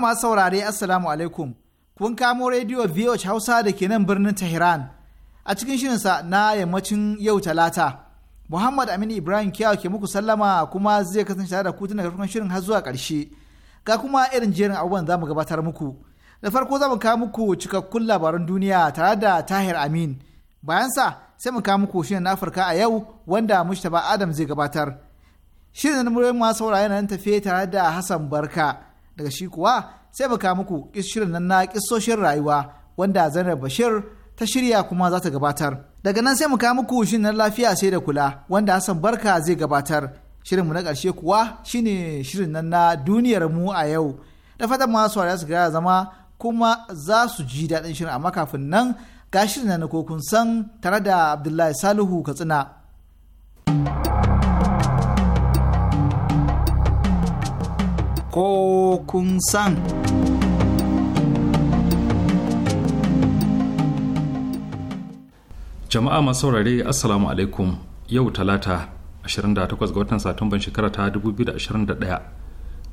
masu saurare assalamu alaikum kun kamo rediyo VOH Hausa da ke nan birnin Tehran a cikin shirinsa na yammacin yau talata Muhammad Aminu Ibrahim Kiyawa ke muku sallama kuma zai kasance tare da ku daga farkon shirin har zuwa ƙarshe ga kuma irin jerin abubuwan za mu gabatar muku da farko za mu kawo muku cikakkun labaran duniya tare da Tahir Amin bayansa sai mu kawo muku shirin na Afirka a yau wanda Mustapha Adam zai gabatar shirin na muryar masu saurare nan tafiye tare da Hassan Barka daga shi kuwa sai mu kawo muku shirin nan na kissoshin rayuwa wanda Zainab Bashir ta shirya kuma za ta gabatar. Daga nan sai mu kawo muku shirin na lafiya sai da kula wanda Hassan Barka zai gabatar. Shirin mu na ƙarshe kuwa shine shirin nan na duniyar mu a yau. Da fatan masu su gara zama kuma za su ji daɗin shirin amma kafin nan ga shirin na kokun san tare da Abdullahi Salihu Katsina. Ko kun san. jama'a masu saurare assalamu alaikum yau talata 28 ga watan satumban shekara ta 2021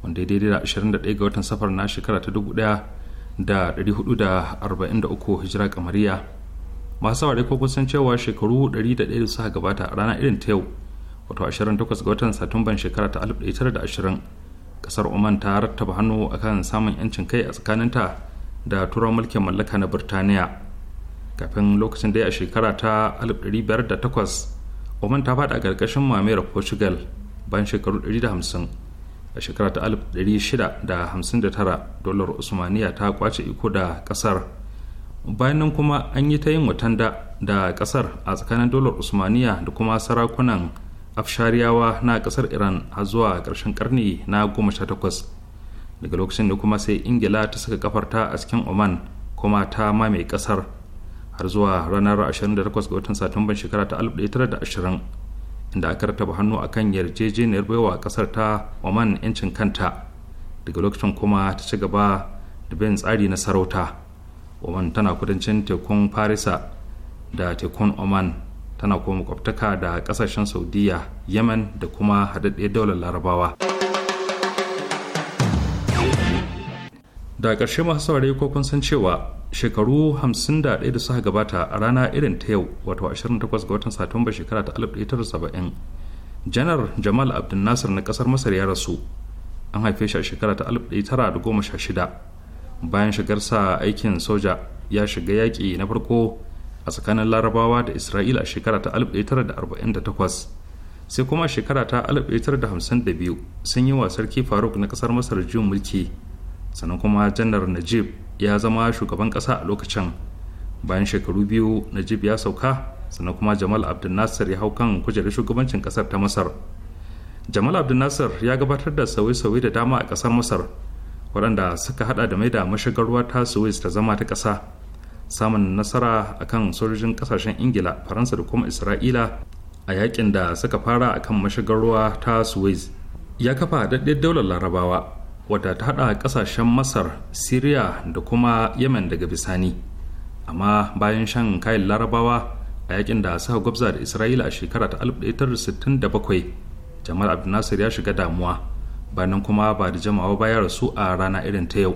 wanda ya daidai da 21 ga watan safar na shekara ta 1443 hijira kamariya masu saurare ko kusan cewa shekaru 101 da suka gabata a rana irin ta yau wato 28 ga watan satumban shekara ta 1920 kasar oman ta rattaba hannu akan samun yancin kai a tsakaninta da turan mulkin mallaka na birtaniya kafin lokacin da a shekara ta 1508 oman ta fada a ƙarƙashin mamayar portugal bayan shekaru 150 a shekara ta 1659 dolar usmaniya ta kwace iko da ƙasar bayan nan kuma an yi ta yin watanda da ƙasar a tsakanin dolar usmaniya da kuma sarakunan afshariyawa na ƙasar iran har zuwa ƙarshen ƙarni na 18 daga lokacin da kuma sai ingila ta saka kafarta a cikin oman kuma ta mamaye ƙasar har zuwa ranar 28 ga watan satumban shekara ta 1920 inda aka rataba hannu a kan yarjejeniyar baiwa kasar ta oman 'yancin kanta daga lokacin kuma ta ci gaba da bin tsari na sarauta oman tana kudancin tekun farisa da tekun oman tana kuma makwabtaka da kasashen saudiya yemen da kuma haɗaɗɗiyar daular larabawa da ƙarshe masu saurare ko kun san cewa shekaru 51 da suka gabata a rana irin ta yau wato 28 ga watan satumba shekara ta 1970 janar jamal abdul nasir na kasar masar ya rasu an haife shi a shekara ta 1916 bayan shigarsa aikin soja ya shiga yaƙi na farko a tsakanin larabawa da isra'ila a shekara ta 1948 sai kuma shekara ta 1952 sun yi wa sarki faruk na kasar masar jin mulki sannan kuma janar najib ya zama shugaban ƙasa a lokacin bayan shekaru biyu najib ya sauka sannan kuma jamal abdul nasir ya hau kan kujerar shugabancin ƙasar ta masar jamal abdul nasir ya gabatar da sauye-sauye da dama a ƙasar masar waɗanda suka hada da mai da mashigar ruwa ta suez ta zama ta ƙasa samun nasara akan sojojin ƙasashen ingila faransa da kuma isra'ila a yakin da suka fara akan mashigar ruwa ta suez ya kafa daɗaɗɗen daular larabawa wata ta hada kasashen masar syria da kuma yemen daga bisani amma bayan shan kayan larabawa a yakin da suka gwabza da isra'ila a shekara ta 1967 jamal abdulnasir ya shiga damuwa bayan kuma ba da jamawa ba ya rasu a rana irin ta yau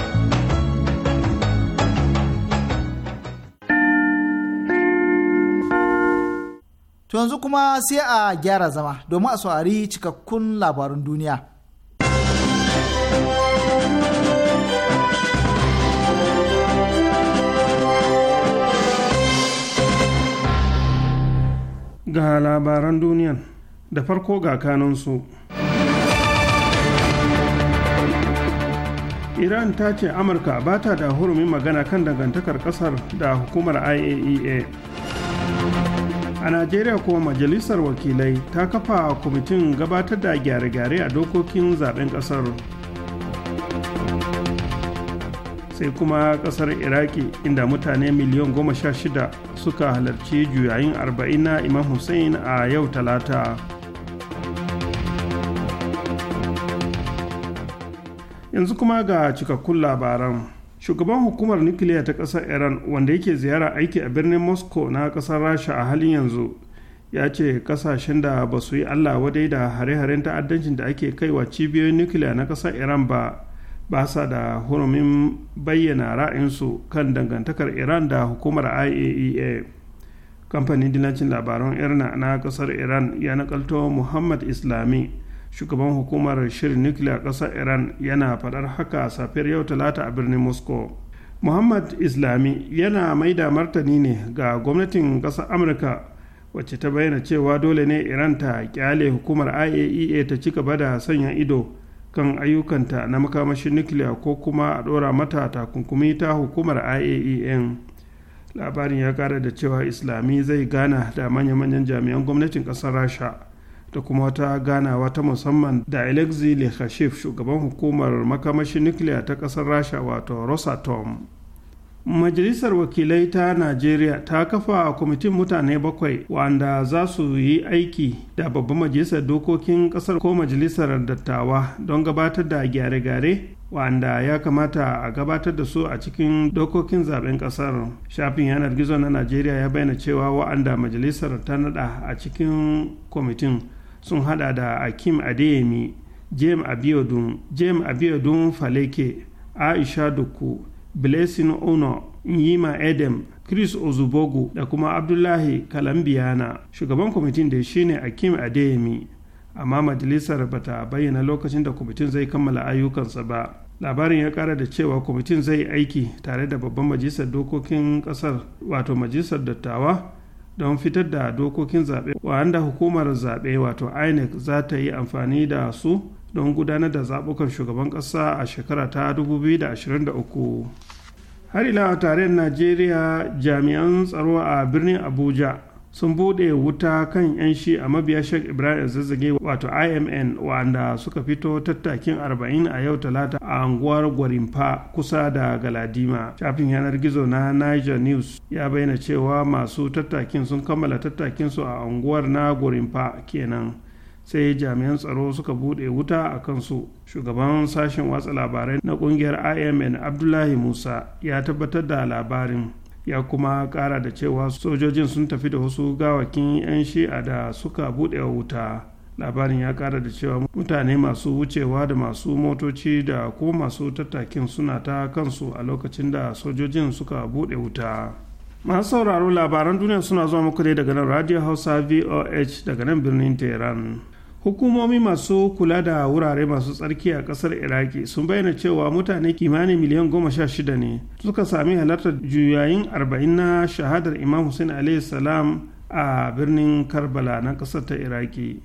To yanzu kuma sai a gyara zama domin a saurari cikakkun labarun duniya. Ga labaran duniyan da farko ga kanansu. iran ta ce amurka ba ta da hurumin magana kan dangantakar kasar da hukumar iaea e a najeriya kuma majalisar wakilai ta kafa kwamitin gabatar da gyare-gyare a dokokin zaben kasar sai kuma kasar iraki inda mutane miliyan goma sha shida suka halarci juyayin arba'in na imam hussein a yau talata yanzu kuma ga cikakkun labaran shugaban hukumar nukiliya ta ƙasar iran wanda yake ziyara aiki a birnin moscow na ƙasar rasha a halin yanzu ya ce kasashen da ba su yi allah wadai da hare-haren ta'addancin da ake kaiwa cibiyoyin nukiliya na ƙasar iran ba ba sa da hurumin bayyana ra'ayinsu kan dangantakar iran da hukumar iaea e kamfanin dilancin labaran irna na ƙasar iran ya nakalto muhammad islami shugaban hukumar shirin nukiliyar ƙasar iran yana faɗar haka safiyar yau talata a birnin moscow muhammad islami yana mai da martani ne ga gwamnatin ƙasar amurka wacce ta bayyana cewa dole ne iran ta kyale hukumar iaea e ta ci gaba da sanya ido kan ayyukanta na makamashin nukiliya ko kuma a ɗora mata takunkumi ta hukumar iaea e labarin ya kara da cewa islami zai gana da manya-manyan jami'an gwamnatin ƙasar rasha da kuma wata ganawa ta musamman da alexei lekhashev shugaban hukumar makamashin nukiliya ta ƙasar rasha wato rosatom majalisar wakilai ta najeriya ta kafa kwamitin mutane bakwai wanda za su yi aiki da babban majalisar dokokin kasar ko majalisar dattawa don gabatar da gyare-gyare wanda ya kamata a gabatar da su a cikin dokokin zaben kasar shafin yanar gizo na najeriya ya bayyana cewa wa'anda majalisar ta nada a cikin kwamitin sun hada da akim adeyemi jem abiodun jem abiodun faleke aisha duku blessing ono nyima edem chris ozubogu da kuma abdullahi kalambiyana shugaban kwamitin da shine akim adeyemi amma majalisar bata bayyana lokacin da kwamitin zai kammala ayyukansa ba labarin ya kara da cewa kwamitin zai aiki tare da babban majalisar dokokin kasar wato majalisar dattawa don fitar da dokokin zaɓe wanda hukumar zaɓe wato inec za ta yi amfani da su don gudanar da zaɓukan shugaban ƙasa a shekara ta 2023 har ila tarayyar najeriya jami'an tsaro a birnin abuja sun bude wuta kan 'yan shi a mabiya Sheikh Ibrahim zazzage wato IMN wanda suka fito tattakin 40 a yau talata a anguwar Gwarimfa kusa da Galadima. Shafin yanar gizo na Niger News ya bayyana cewa masu tattakin sun kammala tattakin su a anguwar na Gwarimfa kenan. sai jami'an tsaro suka bude wuta a kansu shugaban sashen watsa labarai na kungiyar imn abdullahi musa ya tabbatar da labarin ya kuma kara da cewa sojojin sun tafi da wasu gawakin 'yan shi'a da suka buɗe wuta labarin ya kara da cewa mutane masu wucewa da masu motoci da ko masu tattakin suna ta kansu a lokacin da sojojin suka buɗe wuta masu sauraro labaran duniya suna zuwa muku ne daga nan radio hausa voh daga nan birnin tehran hukumomi masu kula da wurare masu tsarki a kasar iraki sun bayyana cewa mutane kimanin miliyan goma sha shida ne suka sami halartar juyayin arba'in na shahadar imam hussein salam a birnin karbala na kasar ta iraki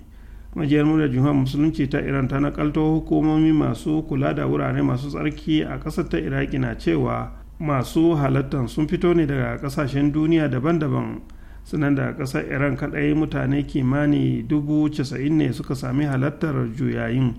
majiyar murya juma musulunci ta iran ta nakalto hukumomi masu kula da wurare masu tsarki a kasar ta iraki na cewa masu halartar sun fito ne daga kasashen duniya daban-daban sanan da ƙasar iran kaɗai mutane kimani dubu casa'in ne suka sami halartar juyayin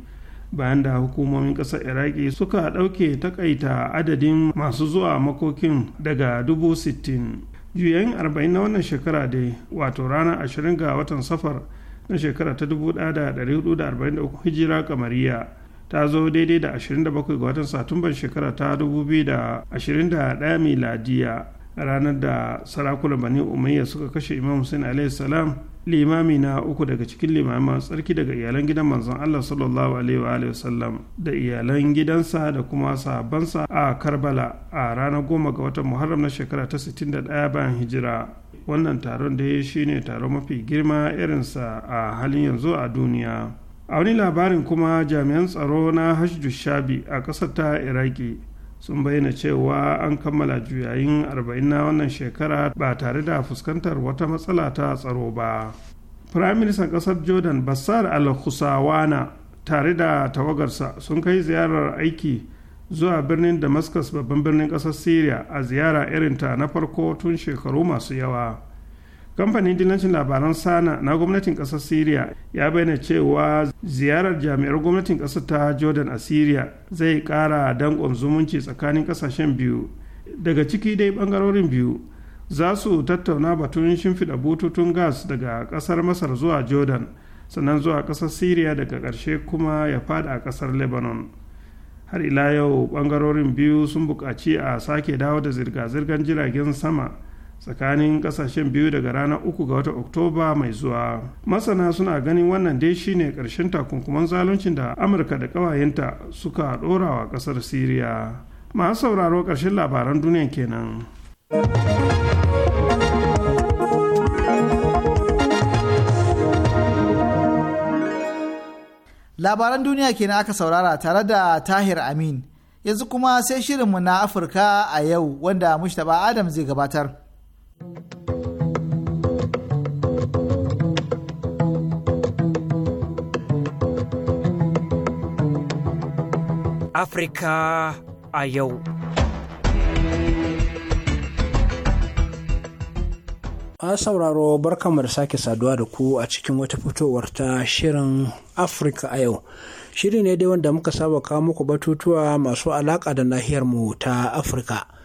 bayan da hukumomin ƙasar iraki suka ɗauke takaita adadin masu zuwa makokin daga dubu sittin juyayin arba'in na wannan shekara dai wato ranar ashirin ga watan safar na shekara ta 1443 hijira kamariya ta zo daidai da 27 ga watan satumban shekara ta 2021 miladiya ranar da Sarakuna bani umayya suka kashe imam hussein alaihi salam limami na uku daga cikin limaman tsarki daga iyalan gidan manzon allah sallallahu alaihi wa da iyalan gidansa da kuma sabonsa a karbala a ranar goma ga watan muharram na shekara ta sittin da 61 bayan hijira wannan taron da ya shine taron mafi girma irinsa a halin yanzu a duniya a wani labarin kuma jami'an tsaro na hajju shabi a ƙasar ta iraki sun bayyana cewa an kammala juyayin arba'in na wannan shekara ba tare da fuskantar wata matsala ta tsaro ba firaministan ƙasar jordan bassar al-husawana tare da tawagarsa sun kai ziyarar aiki zuwa birnin damascus babban birnin ƙasar syria a ziyara irinta na farko tun shekaru masu yawa kamfanin dillancin labaran sana na gwamnatin kasar syria ya bayyana cewa ziyarar jami'ar gwamnatin kasar ta jordan a syria zai kara danƙon zumunci tsakanin kasashen biyu daga ciki dai bangarorin biyu za su tattauna batun shimfiɗa bututun gas daga kasar masar zuwa jordan sannan zuwa kasar syria daga ƙarshe kuma ya fada a kasar lebanon har ila yau bangarorin biyu sun buƙaci a sake dawo da zirga-zirgar jiragen sama tsakanin kasashen biyu daga ranar uku ga watan oktoba mai zuwa masana suna ganin wannan dai shine karshen takunkuman zaluncin da amurka da ƙawayenta suka dora wa ƙasar siriya masu sauraro ƙarshen labaran duniya kenan labaran duniya kenan aka saurara tare da tahir amin yanzu kuma sai shirinmu na afirka a yau wanda mushtaba adam zai gabatar. Afirka a yau. A sauraro barkanmu da sake saduwa da ku a cikin wata fitowar ta shirin Afirka a yau. Shiri ne dai wanda muka saba kawo muku batutuwa masu alaƙa da nahiyarmu ta Afirka.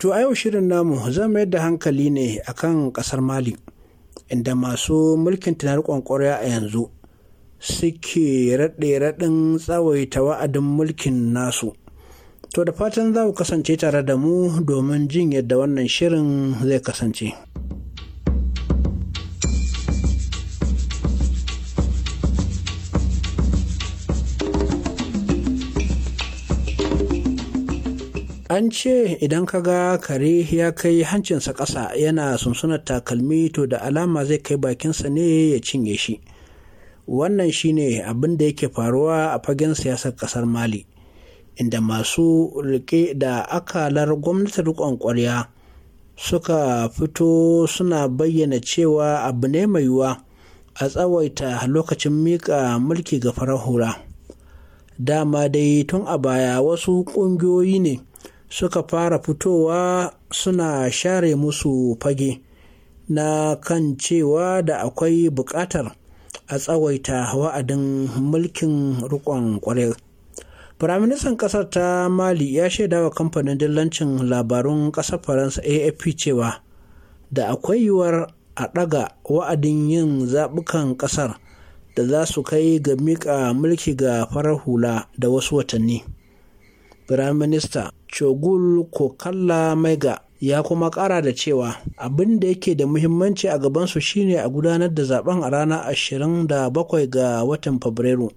To a yau shirin namu zan mayar da hankali ne a kan ƙasar Mali, inda masu mulkin tunar ƙwanƙwarya a yanzu suke raɗe-raɗin tsawaita wa'adin mulkin nasu. To da fatan za ku kasance tare da mu domin jin yadda wannan shirin zai kasance. an ce idan ka ga kare ya kai hancinsa ƙasa yana sunsunar takalmi to da alama zai kai bakinsa ne ya cinye shi wannan shine abin da yake faruwa a fagen siyasar ƙasar mali inda masu rike da akalar gwamnatin riƙon ƙwarya suka fito suna bayyana cewa abu ne mai yiwuwa a tsawaita lokacin miƙa mulki ga farar hura dama dai tun a baya wasu ƙungiyoyi ne suka fara fitowa suna share musu fage na kan cewa da akwai buƙatar a tsawaita wa'adin mulkin rikon kwarai Firaministan ƙasar ta Mali ya shaidawa kamfanin dillancin labarun ƙasar Faransa AFP cewa da akwai yiwuwar a ɗaga wa'adin yin zaɓukan ƙasar da za su kai ga miƙa mulki ga farar hula da wasu watanni. Firaminista Chogul Kokalla Maiga ya kuma ƙara da cewa abin da yake da muhimmanci a gabansu shine a gudanar da zaben a ranar 27 ga watan Fabrairu.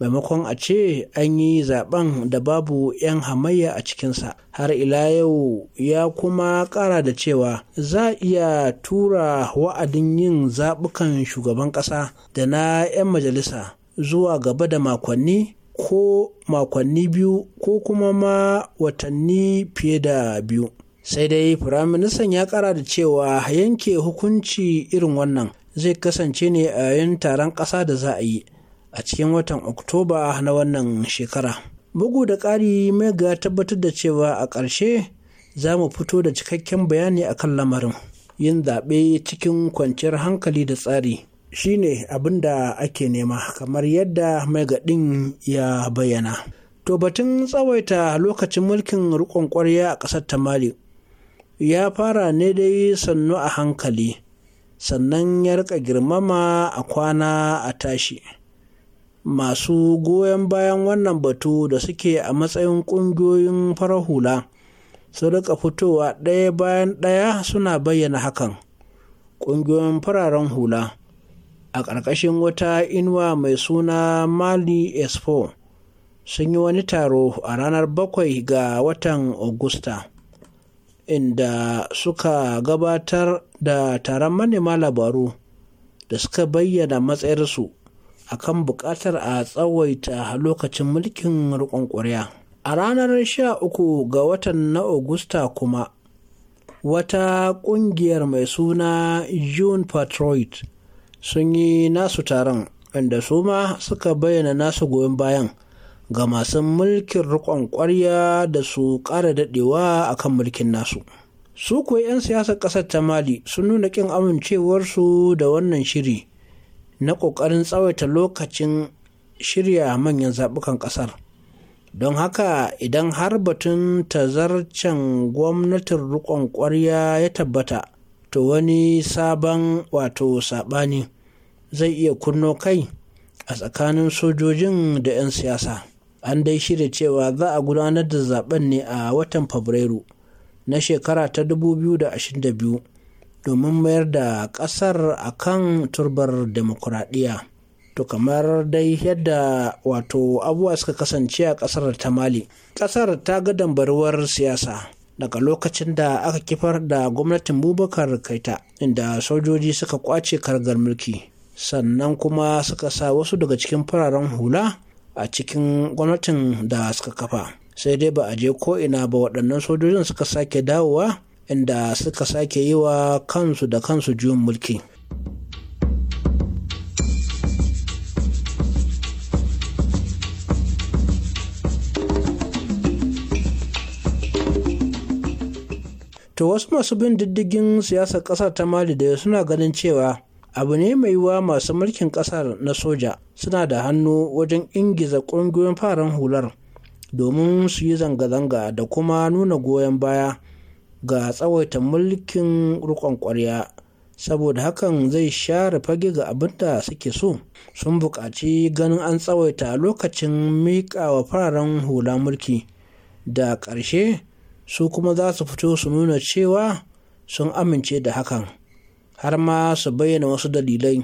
maimakon a ce an yi zaben da babu 'yan hamayya a cikinsa har ila yau ya kuma ƙara da cewa za iya tura wa'adin yin zaɓukan shugaban ƙasa da na 'yan majalisa zuwa gaba da makonni ko makonni biyu ko kuma ma watanni fiye da biyu sai dai firaministan ya kara da cewa yanke hukunci irin wannan zai kasance ne a yayin taron ƙasa da za a yi a cikin watan oktoba na wannan shekara bugu da ƙari mai ga tabbatar da cewa a ƙarshe za mu fito da cikakken bayani a kan lamarin yin zaɓe cikin kwanciyar hankali da tsari Shi ne abin da ake nema kamar yadda mai gaɗin ya bayyana to batun tsawaita lokacin mulkin rikon kwarya a ƙasar tamali ya fara ne dai sannu a hankali sannan ya rika girmama a kwana a tashi masu goyon bayan wannan batu da suke a matsayin ƙungiyoyin farar hula su rika fitowa ɗaya bayan ɗaya suna bayyana hakan ƙungiyoyin fararen hula a ƙarƙashin wata inuwa mai suna mali espo sun yi wani taro a ranar bakwai ga watan augusta inda suka gabatar da taron manema labaru da suka bayyana matsayarsu kan buƙatar a tsawaita lokacin mulkin riƙon ƙuri'a. A ranar 13 ga watan na Agusta kuma, wata ƙungiyar mai suna June Patriot sun yi nasu taron inda su ma suka bayyana nasu goyon bayan ga masu mulkin riƙon ƙwarya da su ƙara daɗewa a kan mulkin nasu su kuwa 'yan siyasar ƙasar ta mali sun nuna ƙin amincewarsu da wannan shiri na ƙoƙarin tsawaita lokacin shirya manyan zaɓukan ƙasar don haka idan har batun tazarcen gwamnatin riƙon ƙwarya ya tabbata to wani sabon wato saɓani zai iya kunno kai a tsakanin sojojin da 'yan siyasa an dai shirya cewa za a gudanar da zaben ne a watan fabrairu na shekara ta 2022 domin mayar da kasar a kan turbar demokuraɗiyya to kamar dai yadda wato abuwa suka kasance a kasar ta mali kasar ta ga dambarwar siyasa daga lokacin da aka kifar da gwamnatin bubakar kaita inda sojoji suka kwace kargar mulki sannan kuma suka sa wasu daga cikin fararen hula a cikin gwamnatin da suka kafa sai dai ba a je ko'ina ba waɗannan sojojin suka sake dawowa inda suka sake yi wa kansu da kansu juyin mulki to wasu masu bin diddigin siyasar ƙasar ta mali da suna ganin cewa abu ne mai yiwuwa masu mulkin ƙasar na soja suna da hannu wajen ingiza ƙungiyoyin faran hular domin su yi zanga-zanga da kuma nuna goyon baya ga tsawaita mulkin rikon ƙwarya saboda hakan zai share fage ga abin da suke so sun buƙaci ganin an tsawaita lokacin miƙa wa fararen hula mulki da ƙarshe su kuma za su fito su nuna cewa sun amince da hakan har ma su bayyana wasu dalilai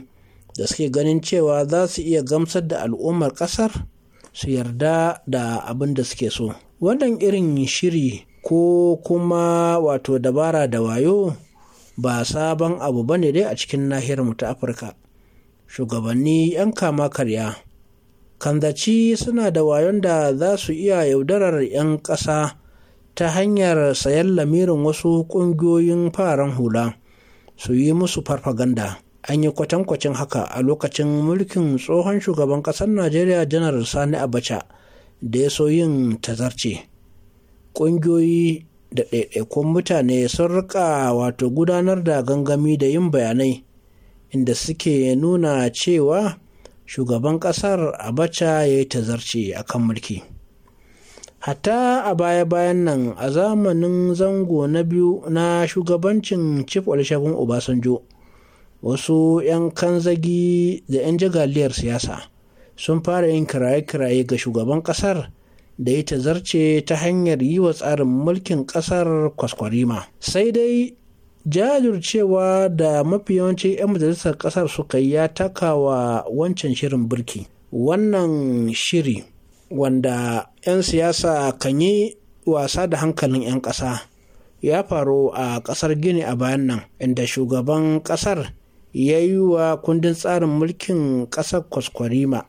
da suke ganin cewa za su iya gamsar da al'ummar ƙasar su yarda da abin da suke so wannan irin shiri ko kuma wato dabara da wayo ba sabon abu bane dai a cikin nahiyar mu ta afirka shugabanni 'yan kama karya kanzaci suna da wayon da za su iya yaudarar 'yan ƙasa ta hanyar sayan lamirin wasu ƙungiyoyin faran hula su yi musu farfaganda an yi kwatankwacin haka a lokacin mulkin tsohon shugaban ƙasar najeriya janar sani abacha da ya so yin tazarce ƙungiyoyi da ɗaiɗaikun mutane sun rika wato gudanar da gangami da yin bayanai inda suke nuna cewa shugaban ƙasar abacha ya yi tazarce akan mulki hatta a baya-bayan nan a zamanin zango na biyu na shugabancin chief olusegun obasanjo wasu 'yan kanzagi da 'yan jagaliyar siyasa sun fara yin kiraye-kiraye ga shugaban kasar da ya zarce ta hanyar yi wa tsarin mulkin kasar kwaskwarima sai dai jajircewa da mafi yawanci 'yan majalisar kasar suka yi ya taka wa wancan shirin birki wannan shiri wanda 'yan siyasa kan yi wasa da hankalin 'yan ƙasa ya faru a ƙasar gini a bayan nan inda shugaban ƙasar ya yi wa kundin tsarin mulkin ƙasar kwaskwarima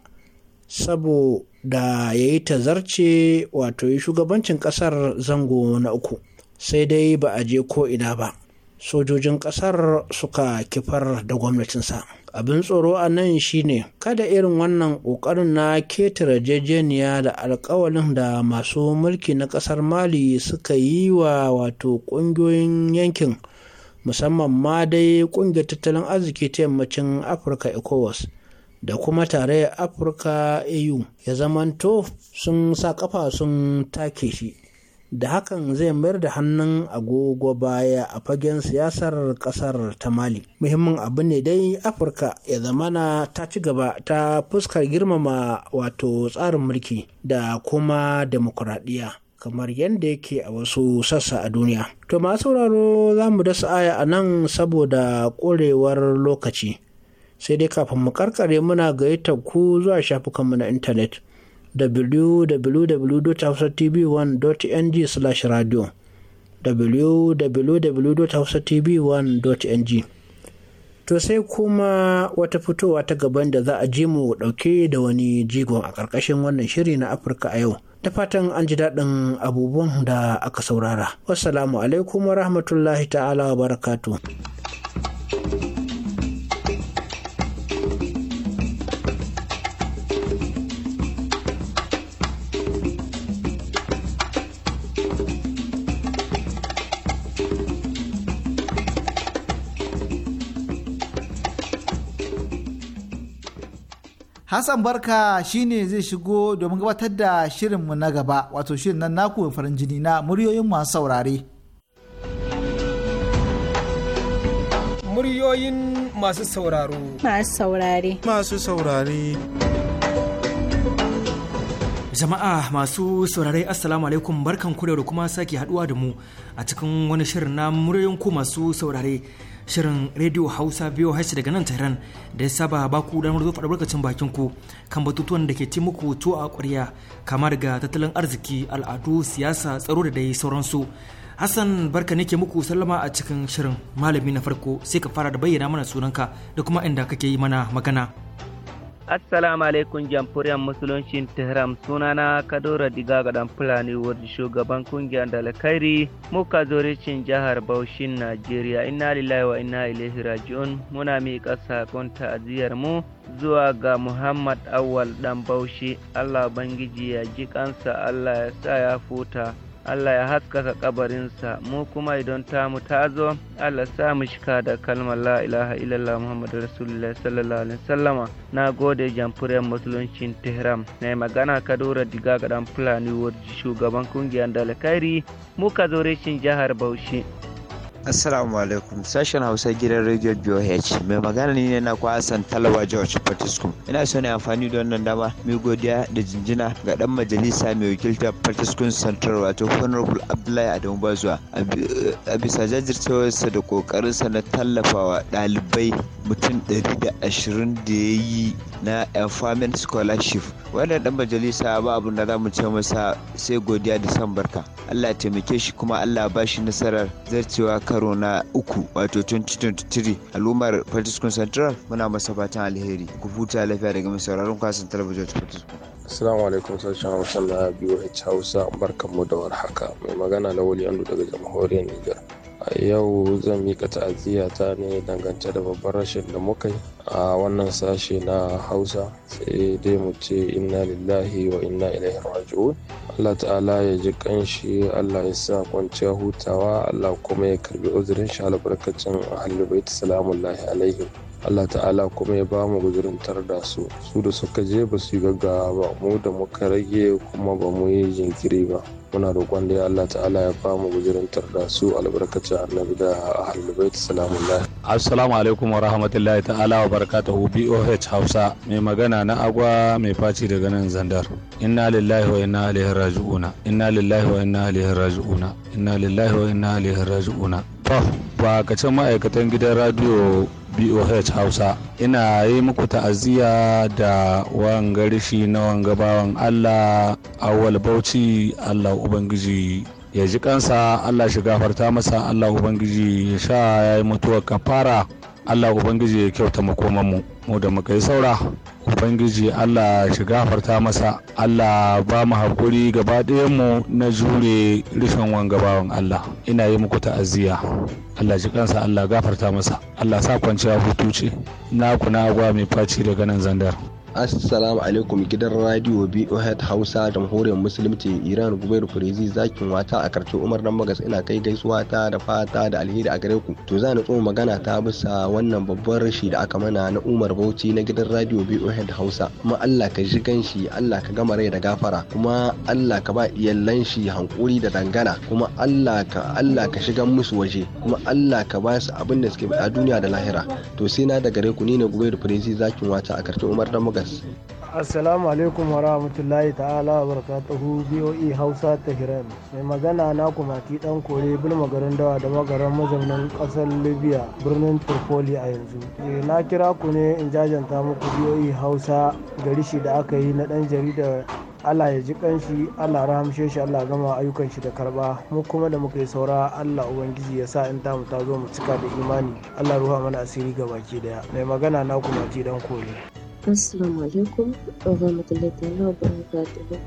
saboda ya yi ta zarce, wato yi shugabancin ƙasar zango na uku sai dai ba a je ko ina ba sojojin ƙasar suka kifar da gwamnatinsa. abin tsoro a nan shine kada irin wannan ƙoƙarin na keta jejeniya da alkawalin da masu mulki na ƙasar mali suka yi wa wato ƙungiyoyin yankin musamman ma dai ƙungiyar tattalin arziki ta yammacin afirka ecowas da kuma tarayyar afirka au ya zamanto sun sa ƙafa sun take shi da hakan zai mayar da hannun agogo baya a fagen siyasar kasar ta mali muhimmin abu ne dai afirka ya zamana ta ci gaba ta fuskar girmama wato tsarin mulki da kuma demokuraɗiyya kamar yadda yake a wasu sassa a duniya to masu sauraro za mu dasa aya a nan saboda ƙorewar lokaci sai dai kafin mu karkare muna gayyatar ku zuwa shafukanmu na intanet www.hausatv1.ng/radio www.hausatv1.ng To sai kuma wata fitowa ta gaban da za a ji mu dauke da wani jigon a ƙarƙashin wannan shiri na Afirka a yau. Ta fatan an ji daɗin abubuwan da aka saurara. Wassalamu alaikum wa rahmatullahi ta'ala wa barakatuh. Hassan Barka shine zai shigo domin gabatar da shirinmu na gaba wato shirin nan naku farin jini na muryoyin masu saurare. Muryoyin masu sauraro. Masu saurare. Masu saurare. Jama'a masu saurare Assalamu alaikum barkan kurewa da kuma sake haduwa da mu a cikin wani shirin na muryoyin ku masu saurare. shirin rediyo hausa biyu hashi daga nan tehran da ya saba ba ku damar zo albarkacin bakin ku kan batutuwan da ke ci muku to a ƙwarya kama daga tattalin arziki al'adu siyasa tsaro da dai sauransu hassan barka ne ke muku sallama a cikin shirin malami na farko sai ka fara da bayyana mana sunanka da kuma inda kake yi mana magana Assalamu alaikum jamfuriyar Musulunci Tehran sunana Kadora Diga ga dan Fulani wadda shugaban kungiyar Dalakairi muka cin jihar Baushin Najeriya inna lillahi wa inna ilaihi raji'un muna miƙa sakon ta'aziyar mu zuwa ga Muhammad Awal dan Baushi Allah bangiji ya ji kansa Allah ya sa ya futa Allah ya haskaka kabarinsa mu kuma idan mu ta zo Allah sa mu shika da kalmar la ilaha illallah Muhammadu Rasulullah sallallahu alaihi wasallam na gode jamhuriyar musuluncin Tehran na magana Kadura Diga gadan Fulani shugaban kungiyar Dalakari muka zo reshin jihar Bauchi Assalamu alaikum sashen Hausa gidan Radio BOH mai magana ne na kwa Hassan Talawa George Fortescue ina so ne amfani da wannan dama mai godiya da jinjina ga dan majalisa mai wakilta Fortescue Central wato Honorable Abdullahi Adamu Bazuwa a bisa jajircewarsa da kokarinsa na tallafawa dalibai mutum 120 da ya yi na Empowerment Scholarship wannan dan majalisa ba abin da za mu ce masa sai godiya da san barka Allah ya taimake shi kuma Allah ba shi nasarar zarcewa karo na uku wato 2023 al'ummar Fatiskun Central muna masa fatan alheri ku huta lafiya daga mai sauraron kwasan talabijin ta Fatiskun. Assalamu alaikum sashen Hausa na BOH Hausa barkanmu da warhaka mai magana na Wali daga jamhuriyar Nijar. a yau zan miƙa ta'aziyya ne dangance da babban rashin da muka yi a wannan sashe na hausa sai dai mu ce inna lillahi wa inna ilaihi raji'un allah ta'ala ya ji kanshi allah ya sa kwanciya hutawa allah kuma ya karbi uzurin shi albarkacin ahlul bait salamun lahi alaihim Allah ta'ala kuma ya ba mu guzurintar da su su da suka je ba su yi gaggawa ba mu da muka rage kuma ba mu yi jinkiri ba muna roƙon dai Allah ta'ala ya bamu gujirin tarda su albarkacin annabi da ahlul salamu alaihi assalamu alaikum wa rahmatullahi ta'ala wa barakatuhu BOH Hausa mai magana na agwa mai faci daga nan Zandar inna lillahi wa inna ilaihi raji'una inna lillahi wa inna ilaihi raji'una inna lillahi wa inna ilaihi raji'una To, bakacin ma'aikatan gidan radio BOH Hausa, ina yi muku ta'aziyya da wanga rishi na wanga bawan Allah awal bauchi Allah Ubangiji ya ji kansa Allah shi gafarta masa Allah Ubangiji ya sha ya yi mutuwar kafara Allah Ubangiji ya kyauta makomanmu mu da muka yi saura ubangiji allah shi gafarta masa allah ba mu haƙuri gaba mu na jure rufin wanga bawan allah ina yi muku ta'aziyya allah shi kansa allah gafarta masa allah sa kwanciya hutu ce na kuna agwa mai faci daga nan zandar Assalamu alaikum gidan radio BOHead Hausa jamhuriyar musulunci Iran Gubairu Kurezi zakin wata a karshe Umar dan Magas ina kai gaisuwa ta da fata da alheri a gare ku. To za ni tsoma magana ta bisa wannan babban rashi da aka mana na Umar Bauchi na gidan radio BOHead Hausa. Kuma Allah ka ji ganshi, Allah ka gama rai da gafara, kuma Allah ka ba iyallan shi hankuri da dangana, kuma Allah ka Allah ka shigan musu waje, kuma Allah ka ba su abin da suke a duniya da lahira. To sai na da gare ku ni ne Gubairu Kurezi zakin wata a karshe Umar dan Magas asalamu assalamu alaikum wa rahmatullahi ta'ala wa barakatuhu boe hausa tahiran mai magana na ki dan kore bulma garin dawa da magaran mazaunin kasar libya birnin tripoli a yanzu eh, na kira ku ne in jajanta muku boe hausa gari shi da aka yi na dan jarida Allah ya ji kanshi Allah rahamshe shi Allah gama ayyukan shi da karba mu kuma da muka yi saura Allah ubangiji ya sa in ta mu ta zo mu cika da imani Allah ruha mana asiri ga baki daya mai magana na kuma ji dan kore Assalamu alaikum wa rahmatullahi ta'ala wa barakatuhu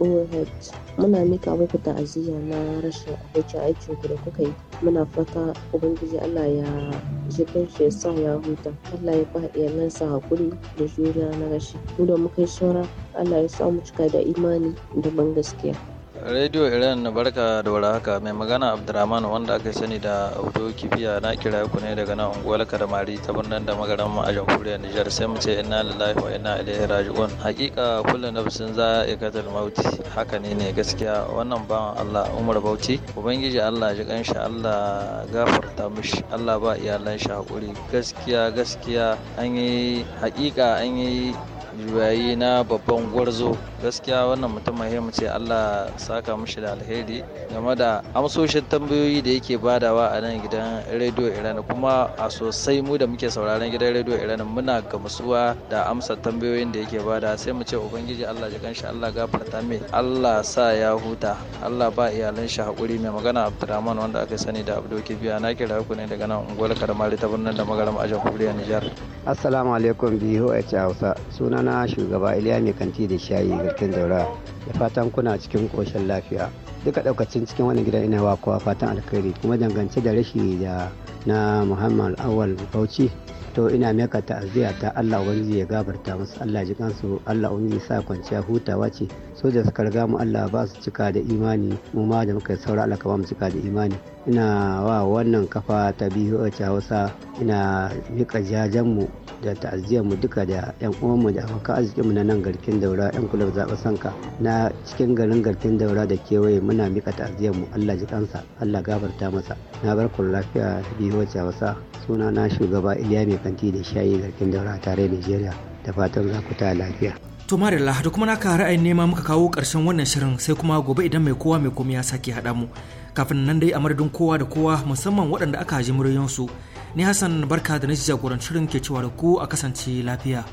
VOH muna mika muku ta'aziyya na rashin abokin aikin ku da kuka yi muna fata ubangiji Allah ya ji kanshi ya sa ya huta Allah ya ba iyalansa hakuri da juriya na rashi mu da muka yi saura Allah ya sa mu cika da imani da ban gaskiya Radio Iran barka da warhaka mai magana Abdurrahman wanda aka sani da Auto kifiya na kira ku ne daga nan unguwar Kadamari ta birnin da magaran mu a jamhuriyar Nijar sai mu ce inna lillahi wa inna ilaihi raji'un hakika kullu nafsin za ya katal mauti haka ne ne gaskiya wannan bawan Allah Umar Bauchi ubangiji Allah ji kanshi Allah gafarta mishi Allah ba iyalan shi hakuri gaskiya gaskiya an yi hakika an yi yayi na babban gwarzo gaskiya wannan mutum mu ce allah saka mushi da alheri game da amsoshin tambayoyi da yake badawa a nan gidan rediyo iran kuma a sosai mu da muke sauraron gidan rediyo iran muna gamsuwa da amsa tambayoyin da yake bada sai mu ce ubangiji allah ya kanshi allah gafarta mai allah sa ya huta allah ba iyalan shi hakuri mai magana abdurrahman wanda aka sani da Abdul biya na kira ku ne daga nan unguwar karmari ta birnin da magaram a jamhuriyar nijar assalamu alaikum bihu a hausa suna sunana shugaba iliya mai kanti da shayi garkin daura da fatan kuna cikin koshin lafiya duka daukacin cikin wani gidan ina wa kowa fatan alkhairi kuma dangance da rashi da na muhammad awal bauchi to ina meka ta'aziyya ta Allah ubangiji ya gabarta masu Allah ji kansu Allah ya sa kwanciya hutawa ce soja suka riga mu Allah ba su cika da imani mu ma da muka saura Allah ka mu cika da imani ina wa wannan kafa ta BOH Hausa ina mika jajen mu da ta'aziyar mu duka da yan uwan mu da abokan arzikin mu na nan garkin daura yan kulab zaɓa sanka na cikin garin garkin daura da kewaye muna mika ta'aziyar mu Allah ji kansa Allah gafarta masa na bar ku lafiya a Hausa suna na shugaba Iliya mai kanti da shayi garkin daura tare Nigeria da fatan za ku ta lafiya To Marilla da kuma naka ra'ayin nema muka kawo ƙarshen wannan shirin sai kuma gobe idan mai kowa mai komai ya sake haɗa mu. Kafin nan dai a madadin kowa da kowa musamman waɗanda aka ji muryansu. Ni Hassan barka da na jagorancin shirin ke cewa da ku a kasance lafiya.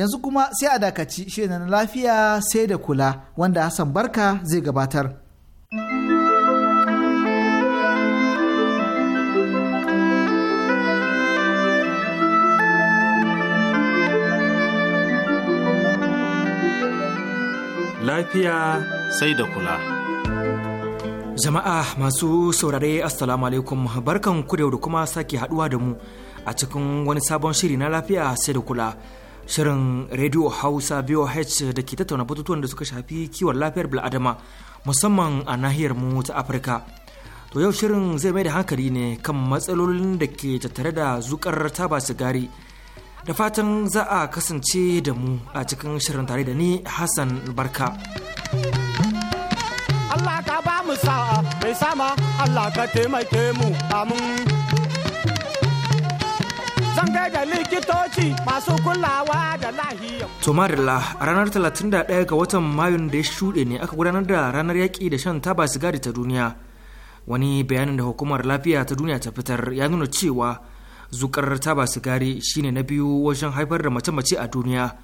yanzu kuma sai a dakaci shirin na lafiya sai da kula wanda hassan barka zai gabatar lafiya sai da kula Jama'a masu saurare Assalamu alaikum barkan ku da kuma sake haduwa da mu a cikin wani sabon shiri na lafiya sai da kula Shirin Radio Hausa VOH da ke tattauna batutuwan da suka shafi kiwon lafiyar bil'adama musamman a nahiyar mu ta Afirka. To yau shirin zai mai da hankali ne kan matsalolin da ke tattare da zukar taba sigari. Da fatan za a kasance da mu a cikin shirin tare da ni Hassan Barka. Allah ka ba mu sa'a mai sama Allah ka taimake mu amin. masu kulawa da Tomarilla a ranar 31 ga watan Mayun da ya shuɗe ne aka gudanar da ranar yaƙi da shan taba sigari ta duniya. Wani bayanin da hukumar lafiya ta duniya ta fitar ya nuna cewa zukar taba sigari shine na biyu wajen haifar da mace-mace a duniya.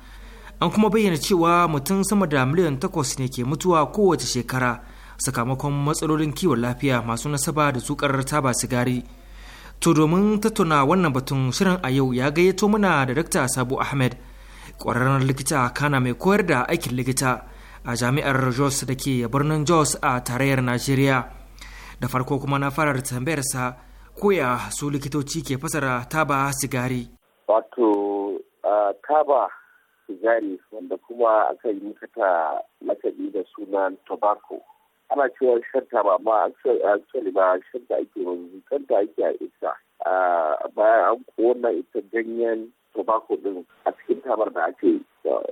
An kuma bayyana cewa mutum sama da miliyan takwas ne ke mutuwa kowace shekara sakamakon matsalolin kiwon lafiya masu nasaba da zukar taba sigari. To domin tattauna wannan batun shirin a yau ya gayyato mana da Dr. sabu Ahmed, ƙwararren likita kana mai koyar da aikin likita a jami'ar Jos da ke birnin Jos a tarayyar Najeriya. Da farko kuma na fara tambayarsa koya su likitoci ke fasara taba sigari. Wato taba sigari wanda kuma aka yi mutata lakabi da sunan tobacco. ana cewa shanta ba ma actually ba shanta ake wanzu shanta ake a isa bayan an kowanne ita ganyen tobacco din a cikin tabar da ake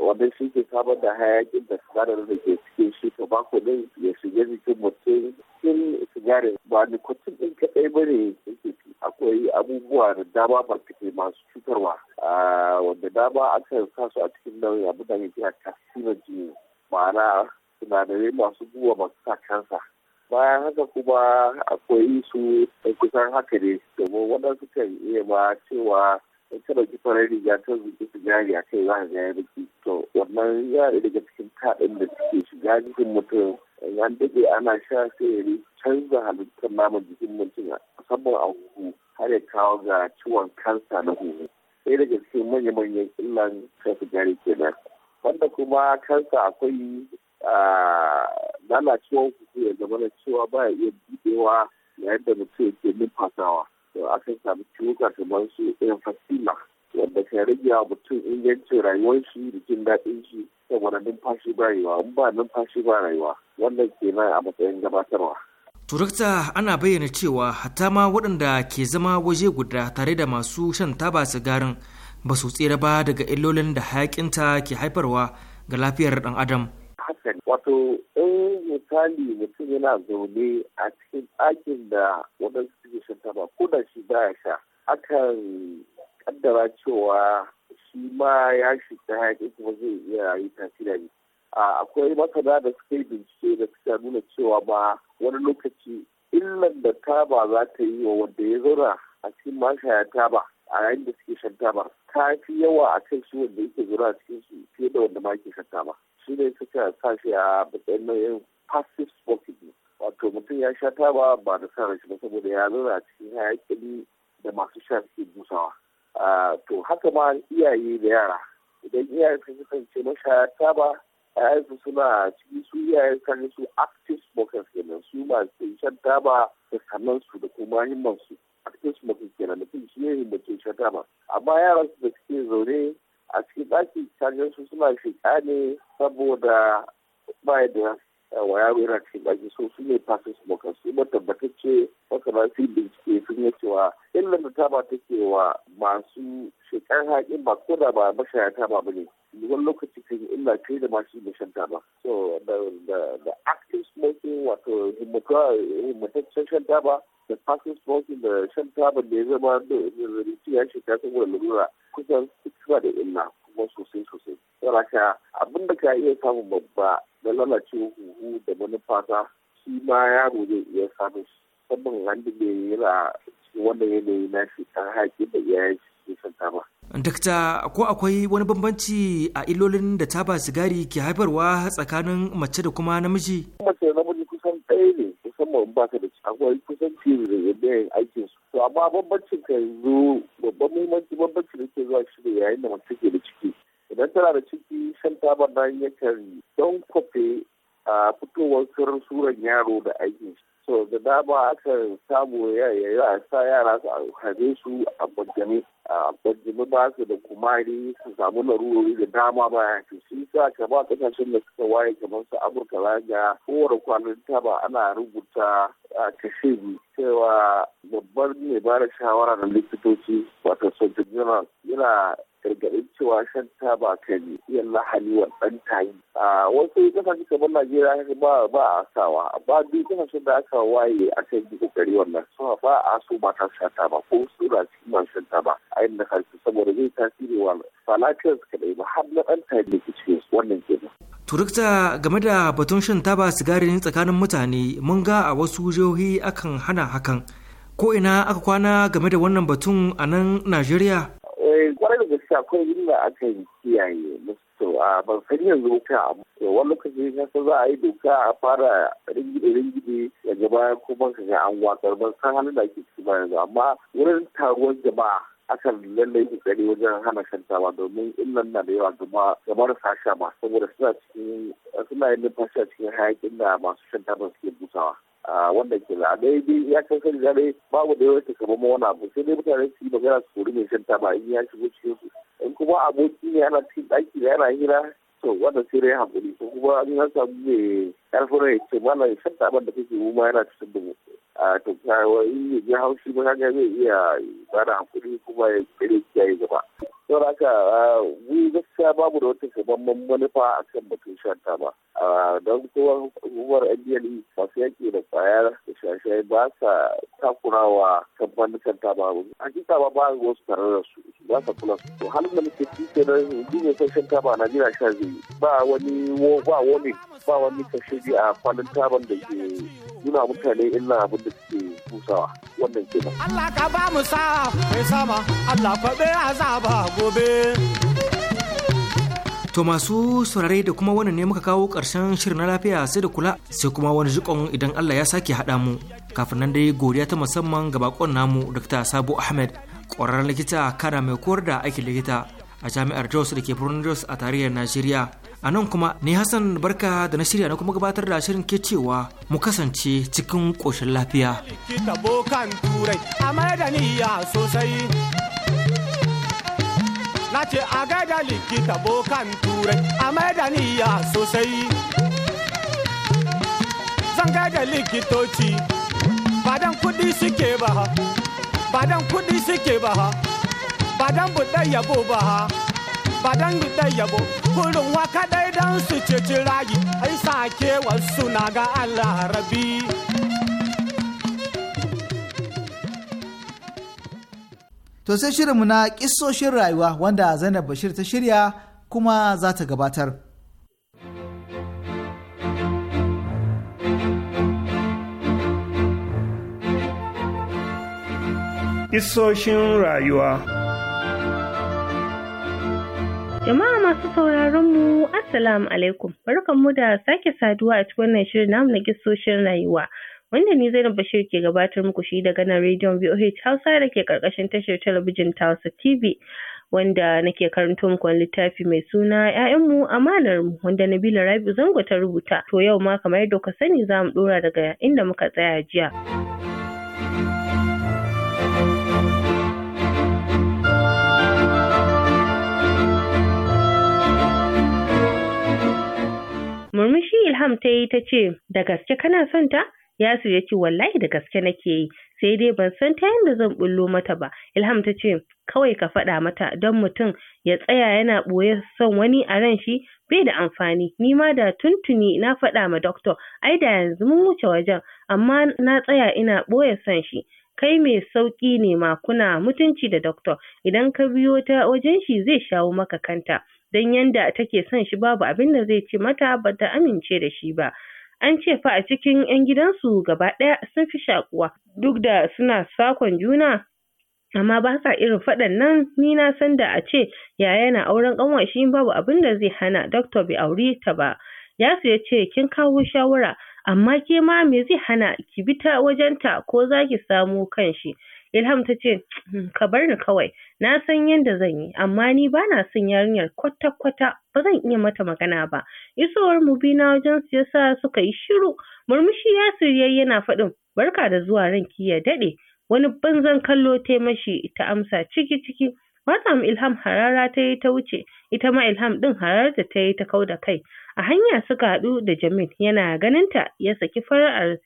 wadda shi ke samar da hayakin da sinadar da ke cikin shi tobacco din ya shige jikin mutum cikin sigarin ba nikotin din kadai ba ne akwai abubuwa da dama masu cutarwa wadda dama akan sa su a cikin nauyi abu da ya kira carcinogen ma'ana sinadarai masu guba masu sa kansa bayan haka kuma akwai su kusan haka ne domin waɗansu kan iya ba cewa in kada ɗauki farar riga ta su sigari a kai za ka gaya biki to wannan ya daga cikin kaɗin da suke shiga jikin mutum yan daɗe ana sha sai canza halittar naman jikin mutum musamman a huhu har ya kawo ga ciwon kansa na huhu sai daga cikin manya-manyan illan kan sigari kenan wanda kuma kansa akwai Ah, lalacewar kuku ya zama na cewa ba ya iya bidewa yayin da mutum yake numfasawa to akan samu ciwuka kamar su fasila wanda kan rage wa mutum ingancin rayuwar shi da jin daɗin shi saboda numfashi ba rayuwa in ba numfashi ba rayuwa wannan ke na a matsayin gabatarwa. turakta ana bayyana cewa hatta ma waɗanda ke zama waje guda tare da masu shan taba sigarin ba su tsira ba daga illolin da hayakinta ke haifarwa ga lafiyar ɗan adam haka wato in misali mutum yana zaune a cikin ɗakin da waɗansu suke shan taba ko da shi baya sha akan kaddara cewa shi ma ya shiga hayaƙi kuma zai iya yi tasiri ne akwai masana da suka yi bincike da suka nuna cewa ba wani lokaci illan da taba za ta yi wa wanda ya zauna a cikin mashaya taba a yayin da suke shan taba ta fi yawa a kan shi wanda yake zura a cikin su fiye da wanda ma ke shan taba shi ne suka sa shi a matsayin nau'in passive smoking wato mutum ya sha taba ba da sa shi ba saboda ya zauna cikin hayaƙin da masu sha suke busawa to haka ma iyaye da yara idan iyaye sun kasance mashaya taba ‘ya'yansu suna ciki su iyayen kan su active smokers kenan su masu shan taba da sannan su da kuma himmansu active smokers kenan mutum shi ne mutum sha taba amma yaran su da suke zaune a cikin ɗaki kaga su suna shiga ne saboda ba da eh, wa yaro yana cikin ɗaki so su ne su maka su ba tabbatacce masana su bincike sun yi cewa illar da taba take wa masu shekar haƙin ba ko da ba mashaya taba ba ne wani lokaci kan yi illa kai da masu da ta ba so da active smoking wato eh, himmataccen shan ba da Passing smoking da shan tabar da ya zama da su ya shiga wani lura kusan suna da illa kuma sosai sosai saraka abin da ka iya samun babba da lalace huhu da manufata shi ma yaro zai iya samun shi musamman wanda bai yana wanda ya yanayi na shi kan haƙi da iyayen shi ke shan taba. Dakta ko akwai wani bambanci a ilolin da taba sigari ke haifarwa tsakanin mace da kuma namiji? Mace da namiji kusan ɗaya ne musamman ba ka da akwai kusan fiye da yanayin aikin su to amma bambancin ka yanzu babban muhimmanci bambancin da ke zuwa shi ne yayin da mace ke da ciki idan tana da ciki shan taba nan yakan don kwafe a ah, fitowar sirrin suran yaro da aikin shi so da dama aka samu ya sa yara su haife su a bajjame a bajjame ba su da kumari su samu larurori da dama ba ya fi su sa kama kasashen da suka waye kamar su amurka ga kowane kwanan taba ana rubuta a kashe cewa babban mai ba da shawara na likitoci wata surgeon yana gargaɗin cewa shan taba kan iya lahani wa ɗan tayi. A wasu kasashe kamar Najeriya ba ba a sawa ba duk kasashen da aka waye kan yi kokari wannan so ba a so ta sha taba ko su da cikin masu shan taba a da kansu saboda zai tasiri wa falakiyar suka su yi ba har na ɗan tayi ne ke cikin wannan kenan. Turukta game da batun shan taba sigari ne tsakanin mutane mun ga a wasu jihohi akan hana hakan. ko ina aka kwana game da wannan batun a nan Najeriya? ta akwai illa yi kiyaye musu a ban san yanzu wuta to wani lokaci ka san za a yi doka a fara ringide ringide daga baya kuma ka ga an watsar ban san halin da ake ciki ba yanzu amma wurin taruwar jama'a akan lallai kokari wajen hana shantawa domin illan na da yawa kuma ga marasa sha ma saboda suna cikin suna yin numfashi a cikin hayakin da masu shanta ba suke busawa. wanda ke na daidai ya kai kan gare babu da yawan kamar ma wani abu sai dai mutane su yi magana su kori mai shanta ba in ya shigo cikin su in kuma aboki ne ana cikin ɗaki da yana hira to wanda sai dai haƙuri ko kuma an ya samu mai ya ya ce mana ya san abin da kake ma yana cikin dubu a to kawai ya ji haushi ba kaga zai iya da hankuri kuma ya kere kiyaye gaba saboda haka mu gaskiya babu da wata shabamman manufa a kan batun shanta ba don kowa hukumar ndl e masu yanke da kwayar da shashai ba sa takurawa kamfanin shanta ba hakika ba ba wasu tare da su ba sa kula to halin da muke cike da jini sashen taba a najeriya sha zai ba wani ba wani ba wani kashe rufe a kwanan taban da ke nuna mutane illa abin da suke kusawa wannan kenan. Allah ka ba mu sa mai sama Allah a zaba gobe. To masu saurare da kuma wannan ne muka kawo ƙarshen shirin na lafiya sai da kula sai kuma wani jikon idan Allah ya sake haɗa mu. Kafin nan dai godiya ta musamman ga bakon namu Dr. Sabu Ahmed, ƙwararren likita kana mai koyar da aikin likita. a jami'ar Jos da ke birnin Jos a tarayyar Najeriya. A nan kuma ni Hassan Barka da na shirya na kuma gabatar da shirin ke cewa mu kasance cikin koshin lafiya. nace ce a gaida likita bokan turai a maidaniya sosai. Zan gaida likitoci, badan kudi suke ba ha, badan kudi suke ba ha. ba dan buɗe yabo ba ha ba dan buɗe yabo kurin wa kadai dan su ceci rayi ai sake wasu na ga Allah rabi To sai shirinmu na kissoshin rayuwa wanda Zainab Bashir ta shirya kuma za ta gabatar. isoshin rayuwa Jama'a masu sauraron mu Assalamu alaikum. barkan mu da sake saduwa a cikin wannan shirin namu na gisoshin rayuwa. Wanda ni Zainab Bashir ke gabatar muku shi daga nan rediyon VOH Hausa da ke karkashin tashar talabijin ta Hausa TV. Wanda nake karanto muku wani littafi mai suna ‘ya'yanmu amanar mu wanda Nabila Rabi'u Zango ta rubuta. To yau ma kamar yadda ka sani za mu ɗora daga inda muka tsaya jiya. Murmushi Ilham ta yi ta ce, da gaske kana son ta? Yasu ya ce wallahi da gaske nake yi, sai dai ban san ta yadda zan bullo mata ba. Ilham ta ce, kawai ka faɗa mata don mutum ya tsaya yana ɓoye son wani a ran shi bai da amfani. Ni ma da tuntuni na faɗa ma doktor, ai da yanzu mun wuce wajen, amma na tsaya ina ɓoye son shi. kai mai sauƙi ne ma kuna mutunci da Doctor idan ka biyo ta wajen shi zai shawo maka kanta don yanda take son shi babu abin da zai ce mata bata amince da shi ba. An ce fa a cikin 'yan gidansu gaba ɗaya sun fi shakuwa duk da suna sakon juna amma ba sa irin faɗan nan ni na san da a ce yaya na auren ƙanwar shi babu abin da zai hana Doctor bai aure ta ba. Yasu ya ce kin kawo shawara amma ke ma me zai hana ki bi ta wajenta ko zaki samo kanshi Ilham ta ce hmm, ka bar ni kawai na san yadda zan yi amma ni ba na son yarinyar kwata kwata ba zan iya mata magana ba isowar mu na wajen su yasa suka yi shiru murmushi ya sirye yana faɗin barka da zuwa ranki ya daɗe wani banzan kallo tai mashi ta amsa ciki ciki Malam Ilham harara ta yi ta wuce, ita ma Ilham ɗin harar da ta yi ta kau da kai. A hanya suka haɗu da Jamil yana ganinta ya saki fara'ar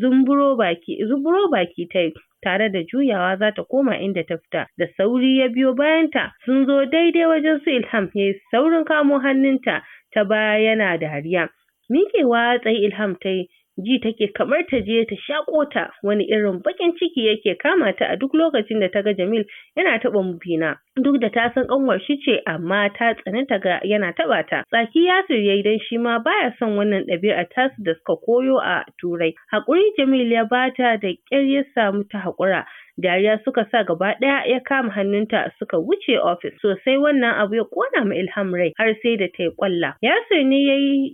zumburo baki zuburo baki ta yi tare da juyawa za ta koma inda ta fita da sauri ya biyo bayanta sun zo daidai wajen su Ilham ya yi saurin kamo hannunta ta baya yana dariya. Miƙewa tsaye Ilham ta yi ji take kamar ta je ta shaƙo ta wani irin baƙin ciki yake kama ta a duk lokacin da ta ga Jamil yana taɓa mubina duk da ta san ƙanwar shi ce amma ta tsananta ga yana taɓa ta tsaki Yasir yi dan shi ma baya son wannan ɗabi'a ta tasu da suka koyo a Turai haƙuri Jamil ya bata da ƙyar ya samu ta haƙura dariya suka sa gaba ɗaya ya kama hannunta suka wuce ofis sosai wannan abu ya ƙona ma Ilham rai har sai da ta yi ƙwalla. Yasir ne